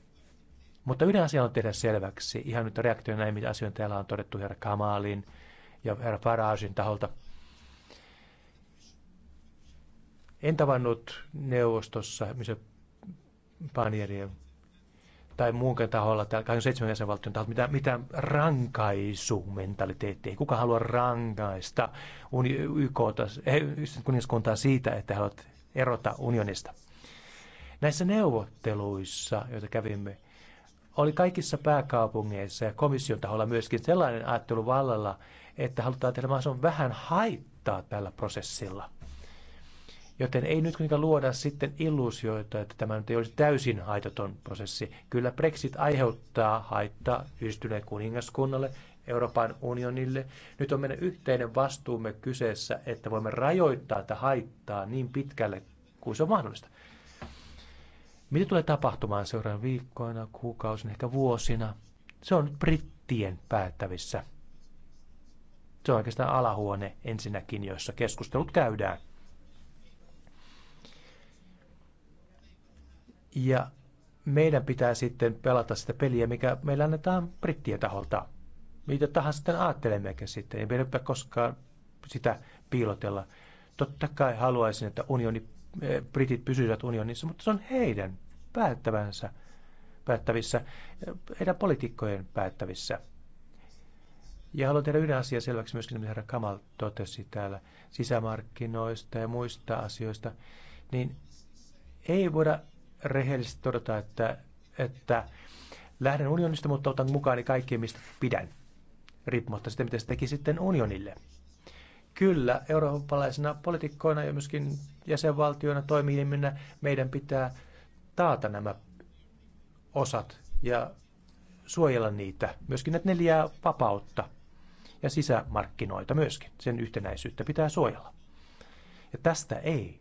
Mutta yhden asian on tehdä selväksi, ihan nyt reaktio näin, mitä asioita täällä on todettu herra Kamalin ja herra Faragein taholta. En tavannut neuvostossa, missä panierien tai muunkin taholla, tai 27 jäsenvaltion taholla, mitä, mitä rankaisumentaliteettiä. Ei kuka halua rankaista YKta, kuningaskuntaa siitä, että haluat erota unionista. Näissä neuvotteluissa, joita kävimme, oli kaikissa pääkaupungeissa ja komission taholla myöskin sellainen ajattelu vallalla, että halutaan tehdä mahdollisimman vähän haittaa tällä prosessilla – Joten ei nyt kuitenkaan luoda sitten illuusioita, että tämä nyt ei olisi täysin haitaton prosessi. Kyllä Brexit aiheuttaa haittaa yhdistyneen kuningaskunnalle, Euroopan unionille. Nyt on meidän yhteinen vastuumme kyseessä, että voimme rajoittaa tätä haittaa niin pitkälle kuin se on mahdollista. Mitä tulee tapahtumaan seuraavina viikkoina, kuukausina, ehkä vuosina? Se on nyt brittien päättävissä. Se on oikeastaan alahuone ensinnäkin, jossa keskustelut käydään. Ja meidän pitää sitten pelata sitä peliä, mikä meillä annetaan brittien taholta. Mitä tahansa sitten ajattelemmekin sitten. Ei meidän pitää koskaan sitä piilotella. Totta kai haluaisin, että unioni, eh, britit pysyisivät unionissa, mutta se on heidän päättävänsä, päättävissä, eh, heidän poliitikkojen päättävissä. Ja haluan tehdä yhden asian selväksi myöskin, mitä herra Kamal totesi täällä sisämarkkinoista ja muista asioista, niin ei voida rehellisesti todeta, että, että lähden unionista, mutta otan mukaani kaikki, mistä pidän, riippumatta sitä, mitä se teki sitten unionille. Kyllä, eurooppalaisena politikkoina ja myöskin jäsenvaltioina toimielimenä meidän pitää taata nämä osat ja suojella niitä, myöskin näitä neljää vapautta ja sisämarkkinoita myöskin. Sen yhtenäisyyttä pitää suojella. Ja tästä ei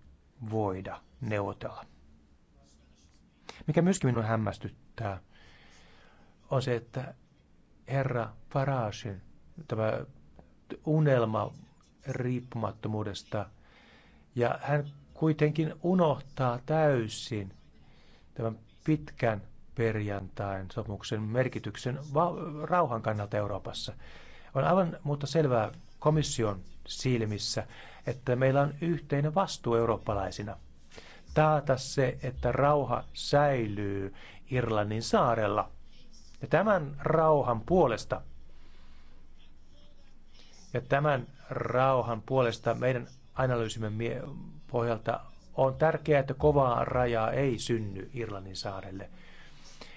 voida neuvotella. Mikä myöskin minun hämmästyttää, on se, että herra Farage, tämä unelma riippumattomuudesta, ja hän kuitenkin unohtaa täysin tämän pitkän perjantain sopimuksen merkityksen rauhan kannalta Euroopassa. On aivan mutta selvää komission silmissä, että meillä on yhteinen vastuu eurooppalaisina – taata se, että rauha säilyy Irlannin saarella. Ja tämän rauhan puolesta ja tämän rauhan puolesta meidän analyysimme pohjalta on tärkeää, että kovaa rajaa ei synny Irlannin saarelle.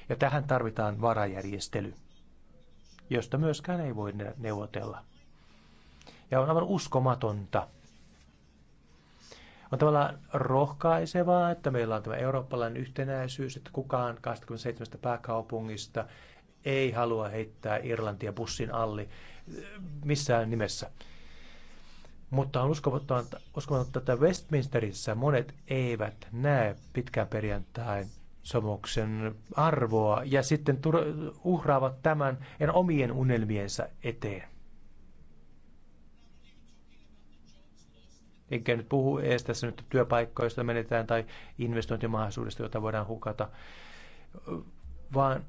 Ja tähän tarvitaan varajärjestely, josta myöskään ei voi neuvotella. Ja on aivan uskomatonta, on tavallaan rohkaisevaa, että meillä on tämä eurooppalainen yhtenäisyys, että kukaan 27 pääkaupungista ei halua heittää Irlantia bussin alli eh, missään nimessä. Mutta on uskomatonta, että, että Westminsterissä monet eivät näe pitkään perjantain sopimuksen arvoa ja sitten uhraavat tämän en omien unelmiensa eteen. Enkä nyt puhu edes tässä nyt työpaikkoista menetään tai investointimahdollisuudesta, jota voidaan hukata, vaan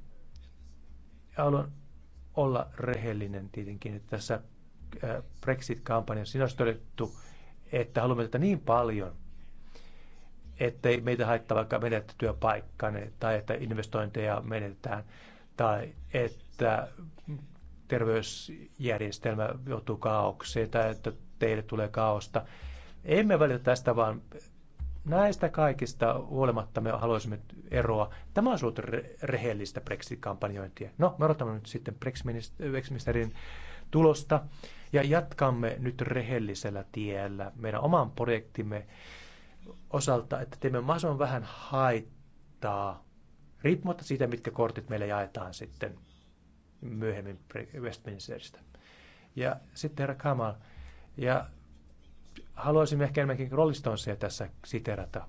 haluan olla rehellinen tietenkin, että tässä Brexit-kampanjassa siinä olisi todettu, että haluamme tätä niin paljon, ettei meitä haittaa vaikka menettää työpaikkanne tai että investointeja menetetään tai että terveysjärjestelmä joutuu kaaukseen tai että teille tulee kaaosta. Emme välitä tästä, vaan näistä kaikista huolimatta me haluaisimme eroa. Tämä on ollut re- rehellistä Brexit-kampanjointia. No, me odotamme nyt sitten Brexit-ministerin tulosta ja jatkamme nyt rehellisellä tiellä meidän oman projektimme osalta, että teemme mahdollisimman vähän haittaa riippumatta siitä, mitkä kortit meille jaetaan sitten myöhemmin Westminsteristä. Ja sitten herra Kamal, ja Haluaisin ehkä enemmänkin Rolling Stonesia tässä siterata.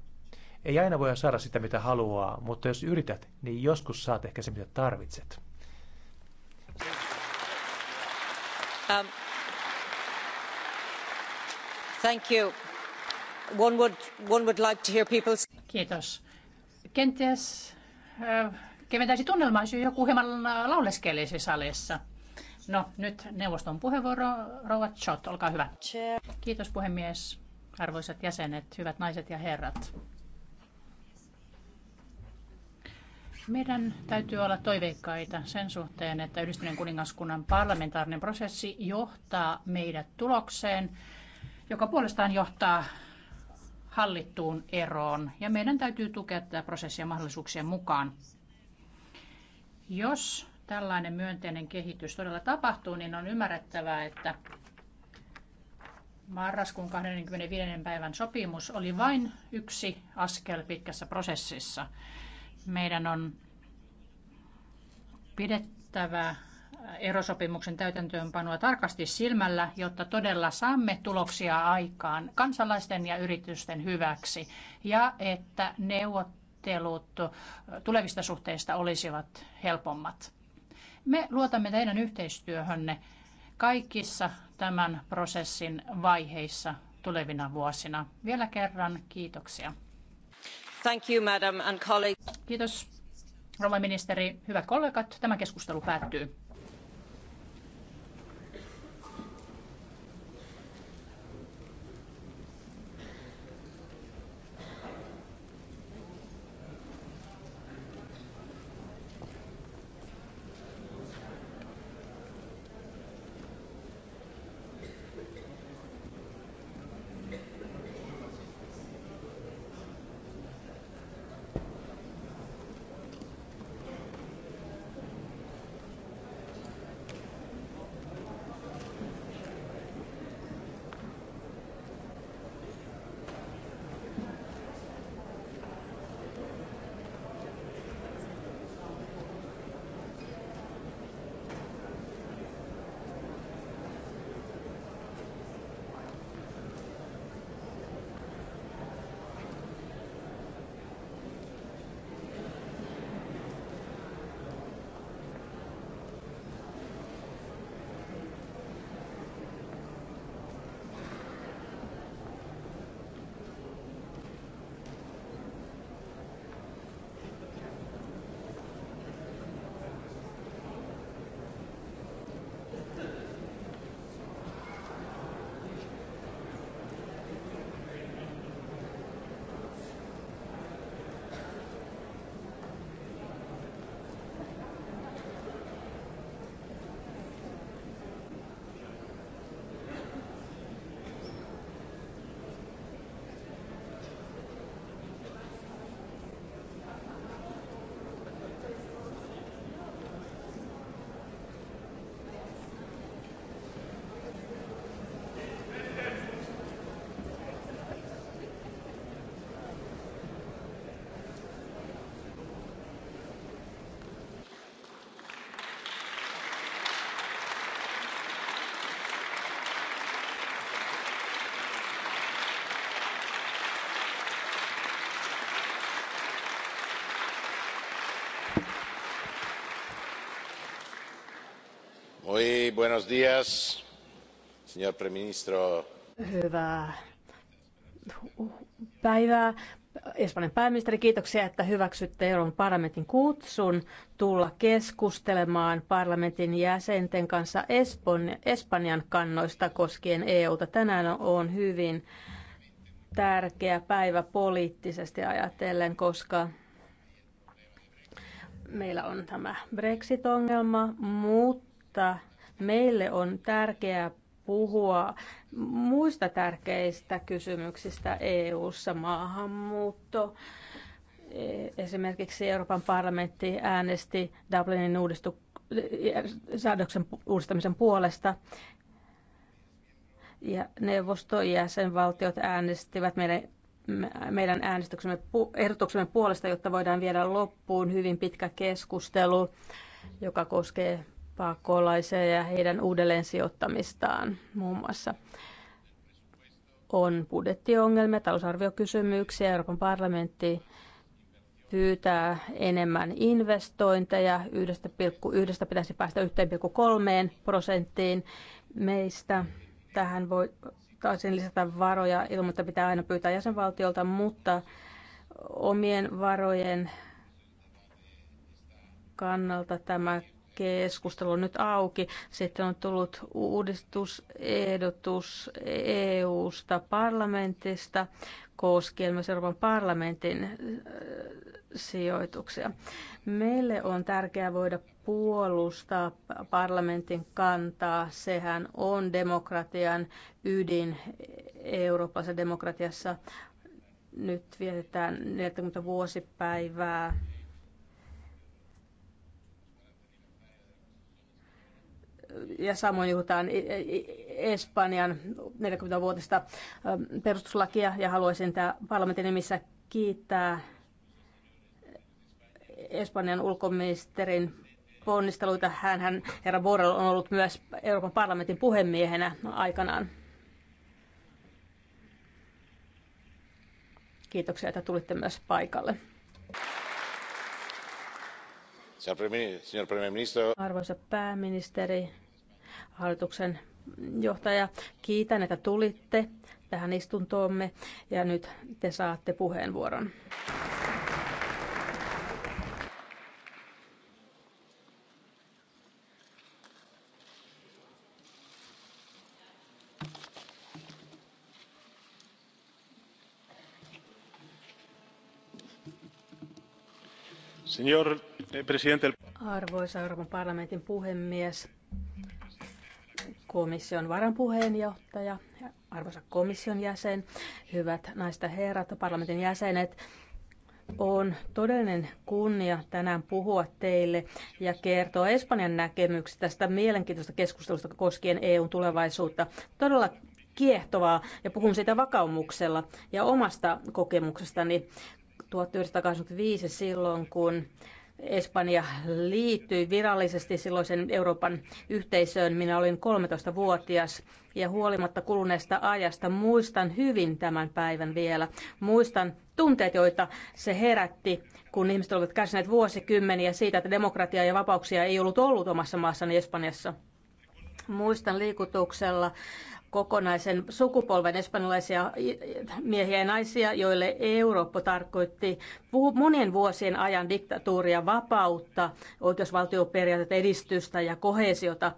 Ei aina voi saada sitä, mitä haluaa, mutta jos yrität, niin joskus saat ehkä se, mitä tarvitset. Um, thank you. One would, one would like to hear people... Kiitos. Kenties äh, keventäisi tunnelmaa, jos joku hieman äh, lauleskelisi salissa. No, nyt neuvoston puheenvuoro, Rouva Schott, olkaa hyvä. Kiitos puhemies, arvoisat jäsenet, hyvät naiset ja herrat. Meidän täytyy olla toiveikkaita sen suhteen, että Yhdistyneen kuningaskunnan parlamentaarinen prosessi johtaa meidät tulokseen, joka puolestaan johtaa hallittuun eroon. Ja meidän täytyy tukea tätä prosessia mahdollisuuksien mukaan. Jos tällainen myönteinen kehitys todella tapahtuu, niin on ymmärrettävää, että marraskuun 25. päivän sopimus oli vain yksi askel pitkässä prosessissa. Meidän on pidettävä erosopimuksen täytäntöönpanoa tarkasti silmällä, jotta todella saamme tuloksia aikaan kansalaisten ja yritysten hyväksi ja että neuvottelut tulevista suhteista olisivat helpommat. Me luotamme teidän yhteistyöhönne kaikissa tämän prosessin vaiheissa tulevina vuosina. Vielä kerran kiitoksia. Thank you, madam and colleagues. Kiitos, rouva ministeri. Hyvät kollegat, tämä keskustelu päättyy. Hyvää päivää. Espanjan pääministeri, kiitoksia, että hyväksytte Euroopan parlamentin kutsun tulla keskustelemaan parlamentin jäsenten kanssa Espanjan kannoista koskien EUta. Tänään on hyvin tärkeä päivä poliittisesti ajatellen, koska meillä on tämä Brexit-ongelma, mutta Meille on tärkeää puhua muista tärkeistä kysymyksistä EU-ssa, maahanmuutto, e, esimerkiksi Euroopan parlamentti äänesti Dublinin uudistu, e, säädöksen uudistamisen puolesta. Ja neuvoston jäsenvaltiot äänestivät meidän, meidän äänestyksemme, ehdotuksemme puolesta, jotta voidaan viedä loppuun hyvin pitkä keskustelu, joka koskee pakolaisia ja heidän uudelleen sijoittamistaan muun muassa. On budjettiongelmia, talousarviokysymyksiä. Euroopan parlamentti pyytää enemmän investointeja. 1,1 pitäisi päästä 1,3 prosenttiin meistä. Tähän voi taasin lisätä varoja, ilmoittaa pitää aina pyytää jäsenvaltiolta, mutta omien varojen kannalta tämä keskustelu on nyt auki. Sitten on tullut uudistusehdotus EU-sta parlamentista koskien myös Euroopan parlamentin äh, sijoituksia. Meille on tärkeää voida puolustaa parlamentin kantaa. Sehän on demokratian ydin Euroopassa demokratiassa. Nyt vietetään 40 vuosipäivää ja samoin juhutaan Espanjan 40-vuotista perustuslakia ja haluaisin tämä parlamentin nimissä kiittää Espanjan ulkoministerin ponnisteluita. Hän, hän herra Borrell, on ollut myös Euroopan parlamentin puhemiehenä aikanaan. Kiitoksia, että tulitte myös paikalle. Arvoisa pääministeri, hallituksen johtaja. Kiitän, että tulitte tähän istuntoomme ja nyt te saatte puheenvuoron. Arvoisa Euroopan parlamentin puhemies, komission varanpuheenjohtaja, arvoisa komission jäsen, hyvät naista herrat, parlamentin jäsenet. On todellinen kunnia tänään puhua teille ja kertoa Espanjan näkemyksiä tästä mielenkiintoista keskustelusta koskien EUn tulevaisuutta. Todella kiehtovaa ja puhun siitä vakaumuksella ja omasta kokemuksestani 1985 silloin, kun Espanja liittyi virallisesti silloisen Euroopan yhteisöön. Minä olin 13-vuotias ja huolimatta kuluneesta ajasta muistan hyvin tämän päivän vielä. Muistan tunteet, joita se herätti, kun ihmiset olivat kärsineet vuosikymmeniä siitä, että demokratia ja vapauksia ei ollut ollut omassa maassani Espanjassa. Muistan liikutuksella kokonaisen sukupolven espanjalaisia miehiä ja naisia, joille Eurooppa tarkoitti monien vuosien ajan diktatuuria, vapautta, oikeusvaltioperiaatteet, edistystä ja kohesiota.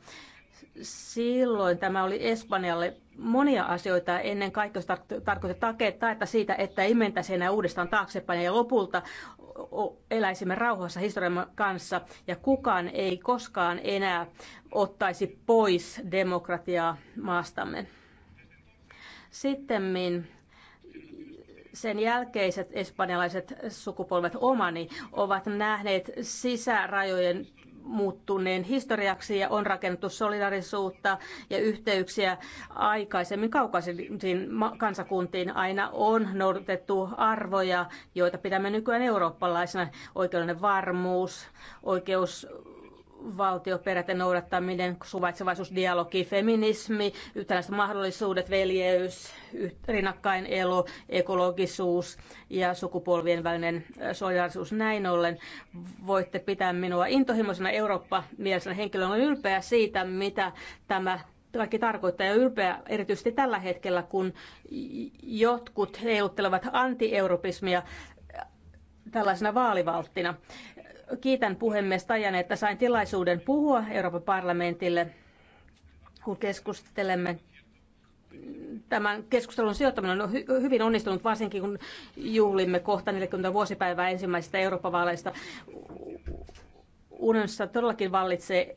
Silloin tämä oli Espanjalle monia asioita ennen kaikkea tarkoitti takeet taetta siitä, että ei mentäisi enää uudestaan taaksepäin ja lopulta eläisimme rauhassa historiamme kanssa ja kukaan ei koskaan enää ottaisi pois demokratiaa maastamme. Sitten sen jälkeiset espanjalaiset sukupolvet omani ovat nähneet sisärajojen muuttuneen historiaksi ja on rakennettu solidarisuutta ja yhteyksiä aikaisemmin kaukaisiin kansakuntiin. Aina on noudatettu arvoja, joita pidämme nykyään eurooppalaisena. Oikeudellinen varmuus, oikeus valtioperät ja noudattaminen, suvaitsevaisuusdialogi, feminismi, yhtäläiset mahdollisuudet, veljeys, elo ekologisuus ja sukupolvien välinen solidaarisuus. Näin ollen voitte pitää minua intohimoisena Eurooppa-mielisenä henkilönä. Olen ylpeä siitä, mitä tämä kaikki tarkoittaa ja ylpeä erityisesti tällä hetkellä, kun jotkut heiluttelevat anti-europismia tällaisena vaalivalttina. Kiitän puhemies Tajan, että sain tilaisuuden puhua Euroopan parlamentille, kun keskustelemme tämän keskustelun sijoittaminen on hy- hyvin onnistunut, varsinkin kun juhlimme kohta 40 vuosipäivää ensimmäisistä Euroopan vaaleista. Unionissa todellakin vallitsee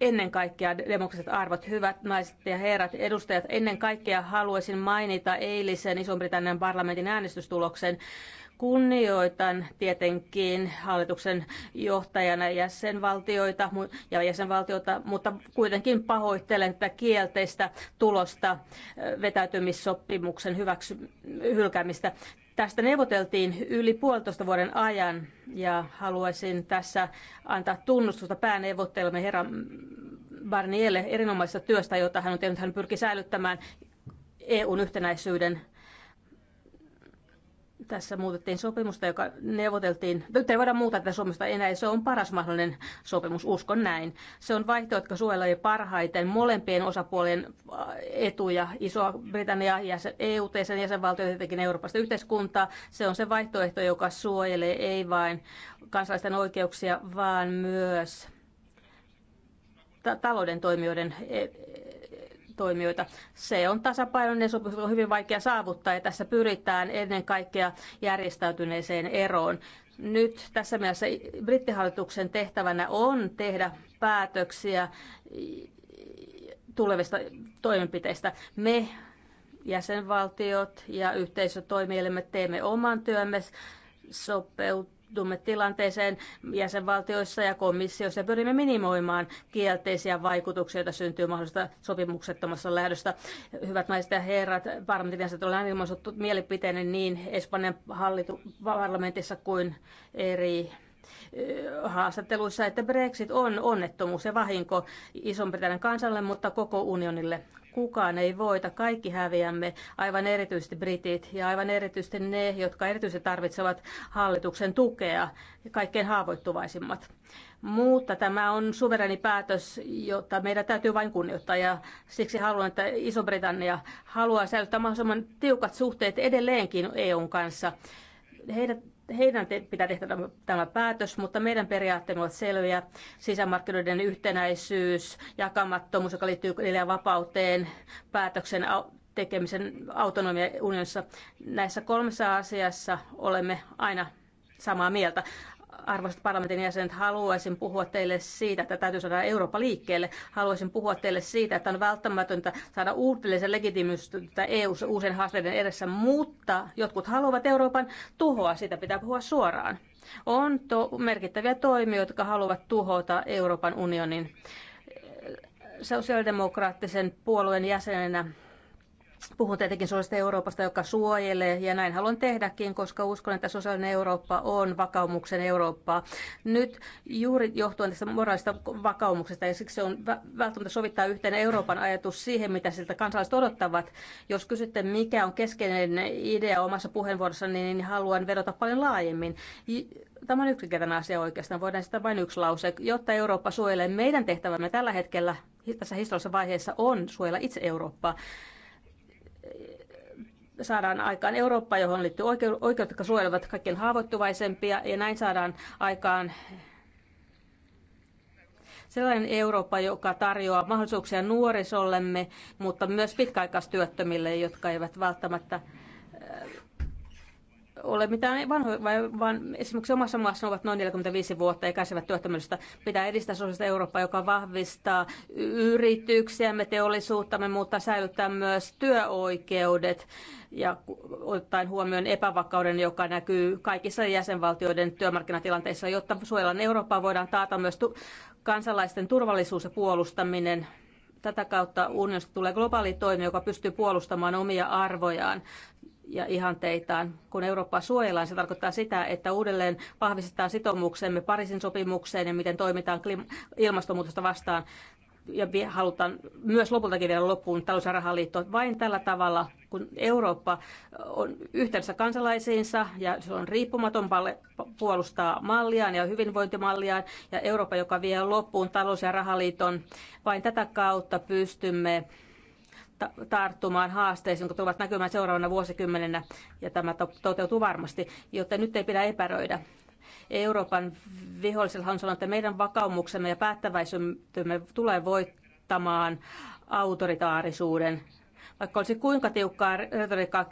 ennen kaikkea demokraattiset arvot. Hyvät naiset ja herrat, edustajat, ennen kaikkea haluaisin mainita eilisen Ison-Britannian parlamentin äänestystuloksen. Kunnioitan tietenkin hallituksen johtajana jäsenvaltioita ja jäsenvaltiota, mutta kuitenkin pahoittelen tätä kielteistä tulosta vetäytymissopimuksen hyväksy- hylkäämistä. Tästä neuvoteltiin yli puolitoista vuoden ajan ja haluaisin tässä antaa tunnustusta pääneuvottelemme herra Barnielle erinomaisesta työstä, jota hän on tehnyt. Hän pyrki säilyttämään EUn yhtenäisyyden tässä muutettiin sopimusta, joka neuvoteltiin. Nyt ei voida muuttaa tätä sopimusta enää, se on paras mahdollinen sopimus, uskon näin. Se on vaihtoehto, joka suojelee parhaiten molempien osapuolien äh, etuja, isoa britannia ja EU, sen jäsenvaltioita, tietenkin Euroopasta yhteiskuntaa. Se on se vaihtoehto, joka suojelee ei vain kansalaisten oikeuksia, vaan myös talouden toimijoiden e, toimijoita. Se on tasapainoinen sopimus, on hyvin vaikea saavuttaa ja tässä pyritään ennen kaikkea järjestäytyneeseen eroon. Nyt tässä mielessä brittihallituksen tehtävänä on tehdä päätöksiä tulevista toimenpiteistä. Me jäsenvaltiot ja yhteisötoimielimet teemme oman työmme sopeut tumme tilanteeseen jäsenvaltioissa ja komissiossa ja pyrimme minimoimaan kielteisiä vaikutuksia, joita syntyy mahdollisesta sopimuksettomassa lähdöstä. Hyvät naiset ja herrat, parlamentin jäsenet on ilmaisut mielipiteinen niin Espanjan hallitu- parlamentissa kuin eri haastatteluissa, että Brexit on onnettomuus ja vahinko Ison-Britannian kansalle, mutta koko unionille kukaan ei voita, kaikki häviämme, aivan erityisesti britit ja aivan erityisesti ne, jotka erityisesti tarvitsevat hallituksen tukea, kaikkein haavoittuvaisimmat. Mutta tämä on suvereni päätös, jota meidän täytyy vain kunnioittaa ja siksi haluan, että Iso-Britannia haluaa säilyttää mahdollisimman tiukat suhteet edelleenkin EUn kanssa. Heidät heidän te- pitää tehdä tämä päätös, mutta meidän periaatteemme ovat selviä. Sisämarkkinoiden yhtenäisyys, jakamattomuus, joka liittyy neljään vapauteen, päätöksen tekemisen autonomia unionissa. Näissä kolmessa asiassa olemme aina samaa mieltä arvoisat parlamentin jäsenet, haluaisin puhua teille siitä, että täytyy saada Eurooppa liikkeelle. Haluaisin puhua teille siitä, että on välttämätöntä saada uudelleen legitimistä eu uusien haasteiden edessä, mutta jotkut haluavat Euroopan tuhoa, sitä pitää puhua suoraan. On to- merkittäviä toimijoita, jotka haluavat tuhota Euroopan unionin. Sosiaalidemokraattisen puolueen jäsenenä Puhun tietenkin sellaisesta Euroopasta, joka suojelee, ja näin haluan tehdäkin, koska uskon, että sosiaalinen Eurooppa on vakaumuksen Eurooppaa. Nyt juuri johtuen tästä moraalista vakaumuksesta, ja siksi se on välttämättä sovittaa yhteen Euroopan ajatus siihen, mitä siltä kansalaiset odottavat. Jos kysytte, mikä on keskeinen idea omassa puheenvuorossani, niin haluan vedota paljon laajemmin. Tämä on yksinkertainen asia oikeastaan, voidaan sitä vain yksi lause. Jotta Eurooppa suojelee, meidän tehtävämme tällä hetkellä tässä historiallisessa vaiheessa on suojella itse Eurooppaa saadaan aikaan Eurooppa, johon liittyy oikeudet, jotka suojelevat kaikkein haavoittuvaisempia, ja näin saadaan aikaan sellainen Eurooppa, joka tarjoaa mahdollisuuksia nuorisollemme, mutta myös pitkäaikaistyöttömille, jotka eivät välttämättä ole mitään vanhoja, vaan esimerkiksi omassa maassa ovat noin 45 vuotta ja kärsivät työttömyydestä. Pitää edistää sosiaalista Eurooppaa, joka vahvistaa yrityksiämme, teollisuuttamme, mutta säilyttää myös työoikeudet ja ottaen huomioon epävakauden, joka näkyy kaikissa jäsenvaltioiden työmarkkinatilanteissa, jotta suojellaan Eurooppaa, voidaan taata myös tu- kansalaisten turvallisuus ja puolustaminen tätä kautta unionista tulee globaali toimi, joka pystyy puolustamaan omia arvojaan ja ihanteitaan. Kun Eurooppaa suojellaan, se tarkoittaa sitä, että uudelleen vahvistetaan sitoumuksemme Pariisin sopimukseen ja miten toimitaan ilmastonmuutosta vastaan. Ja halutaan myös lopultakin vielä loppuun talous- ja rahaliitto. Vain tällä tavalla, kun Eurooppa on yhteydessä kansalaisiinsa ja se on riippumaton puolustaa malliaan ja hyvinvointimalliaan ja Eurooppa, joka vie loppuun talous- ja rahaliiton, vain tätä kautta pystymme tarttumaan haasteisiin, jotka tulevat näkymään seuraavana vuosikymmenenä, ja tämä to- toteutuu varmasti, joten nyt ei pidä epäröidä. Euroopan vihollisella on sanonut, että meidän vakaumuksemme ja päättäväisyytemme tulee voittamaan autoritaarisuuden vaikka olisi kuinka tiukkaa retoriikkaa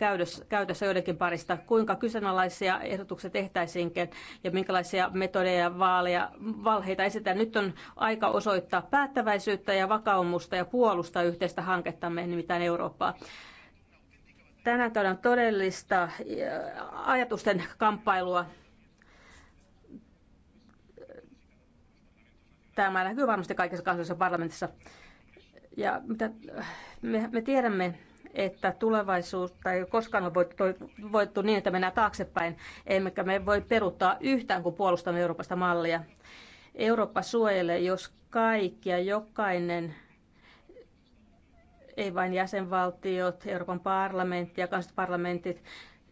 käytössä joidenkin parista, kuinka kyseenalaisia ehdotuksia tehtäisiinkin ja minkälaisia metodeja ja vaaleja, valheita esitetään. Nyt on aika osoittaa päättäväisyyttä ja vakaumusta ja puolustaa yhteistä hankettamme, nimittäin Eurooppaa tänään käydään todellista äh, ajatusten kamppailua. Tämä näkyy varmasti kaikissa kansallisissa parlamentissa. Ja mitä äh, me, me tiedämme, että tulevaisuutta ei ole koskaan ole voittu, voittu niin, että mennään taaksepäin, emmekä me voi peruuttaa yhtään, kun puolustamme Euroopasta mallia. Eurooppa suojelee, jos kaikki ja jokainen, ei vain jäsenvaltiot, Euroopan parlamentti ja kansallisparlamentit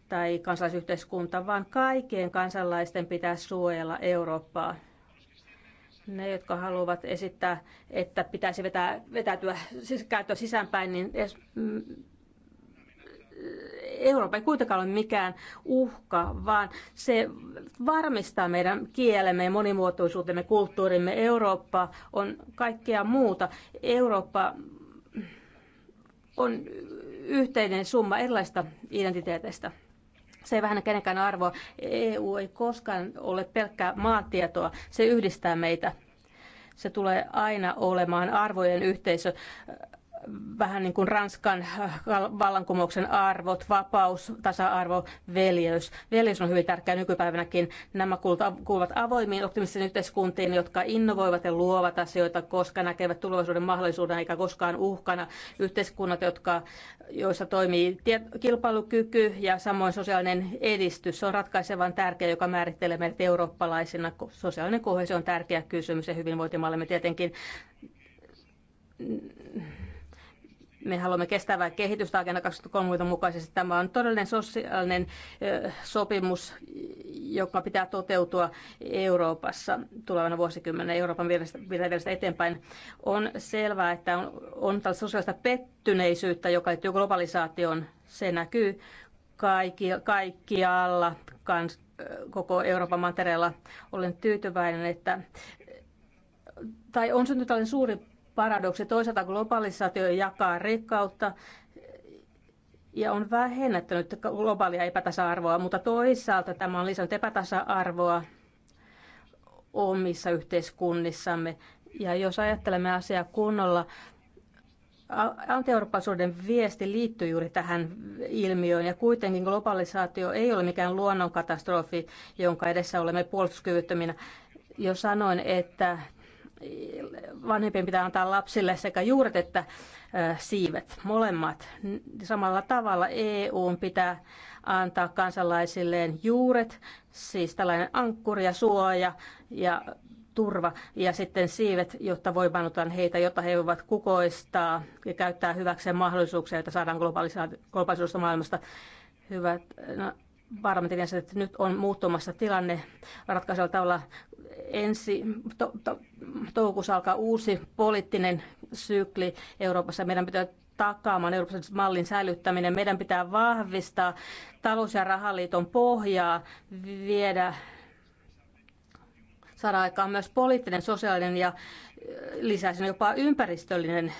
tai kansalaisyhteiskunta, vaan kaikkien kansalaisten pitää suojella Eurooppaa ne, jotka haluavat esittää, että pitäisi vetää, vetäytyä siis käyttöä sisäänpäin, niin edes, mm, Eurooppa ei kuitenkaan ole mikään uhka, vaan se varmistaa meidän kielemme ja monimuotoisuutemme, kulttuurimme. Eurooppa on kaikkea muuta. Eurooppa on yhteinen summa erilaista identiteeteistä. Se ei vähän kenenkään arvoa. EU ei koskaan ole pelkkää maatietoa, Se yhdistää meitä. Se tulee aina olemaan arvojen yhteisö vähän niin kuin Ranskan äh, vallankumouksen arvot, vapaus, tasa-arvo, veljeys. Veljeys on hyvin tärkeä nykypäivänäkin. Nämä kuuluvat avoimiin optimistisiin yhteiskuntiin, jotka innovoivat ja luovat asioita, koska näkevät tulevaisuuden mahdollisuuden eikä koskaan uhkana. Yhteiskunnat, jotka, joissa toimii kilpailukyky ja samoin sosiaalinen edistys, se on ratkaisevan tärkeä, joka määrittelee meidät eurooppalaisina. Sosiaalinen kohesio on tärkeä kysymys ja hyvinvointimallemme tietenkin me haluamme kestävää kehitystä agenda 2030 mukaisesti. Tämä on todellinen sosiaalinen sopimus, joka pitää toteutua Euroopassa tulevana vuosikymmenen Euroopan vihreästä eteenpäin. On selvää, että on, on tällaista sosiaalista pettyneisyyttä, joka liittyy globalisaatioon. Se näkyy kaikki, kaikkialla kans, koko Euroopan mantereella. Olen tyytyväinen, että tai on syntynyt tällainen suuri paradoksi. Toisaalta globalisaatio jakaa rikkautta ja on vähennettänyt globaalia epätasa-arvoa, mutta toisaalta tämä on lisännyt epätasa-arvoa omissa yhteiskunnissamme. Ja jos ajattelemme asiaa kunnolla, antieurooppalaisuuden viesti liittyy juuri tähän ilmiöön ja kuitenkin globalisaatio ei ole mikään luonnonkatastrofi, jonka edessä olemme puolustuskyvyttöminä. Jo sanoin, että vanhempien pitää antaa lapsille sekä juuret että siivet, molemmat. Samalla tavalla EU pitää antaa kansalaisilleen juuret, siis tällainen ankkuri ja suoja ja turva ja sitten siivet, jotta voi vannota heitä, jotta he voivat kukoistaa ja käyttää hyväkseen mahdollisuuksia, joita saadaan globaalisuudesta maailmasta. Hyvät no, parlamentin että nyt on muuttumassa tilanne ratkaisella tavalla. Ensi to, to, toukokuussa alkaa uusi poliittinen sykli Euroopassa. Meidän pitää takaamaan Euroopan mallin säilyttäminen. Meidän pitää vahvistaa talous- ja rahaliiton pohjaa, viedä saada aikaan myös poliittinen, sosiaalinen ja lisäisin jopa ympäristöllinen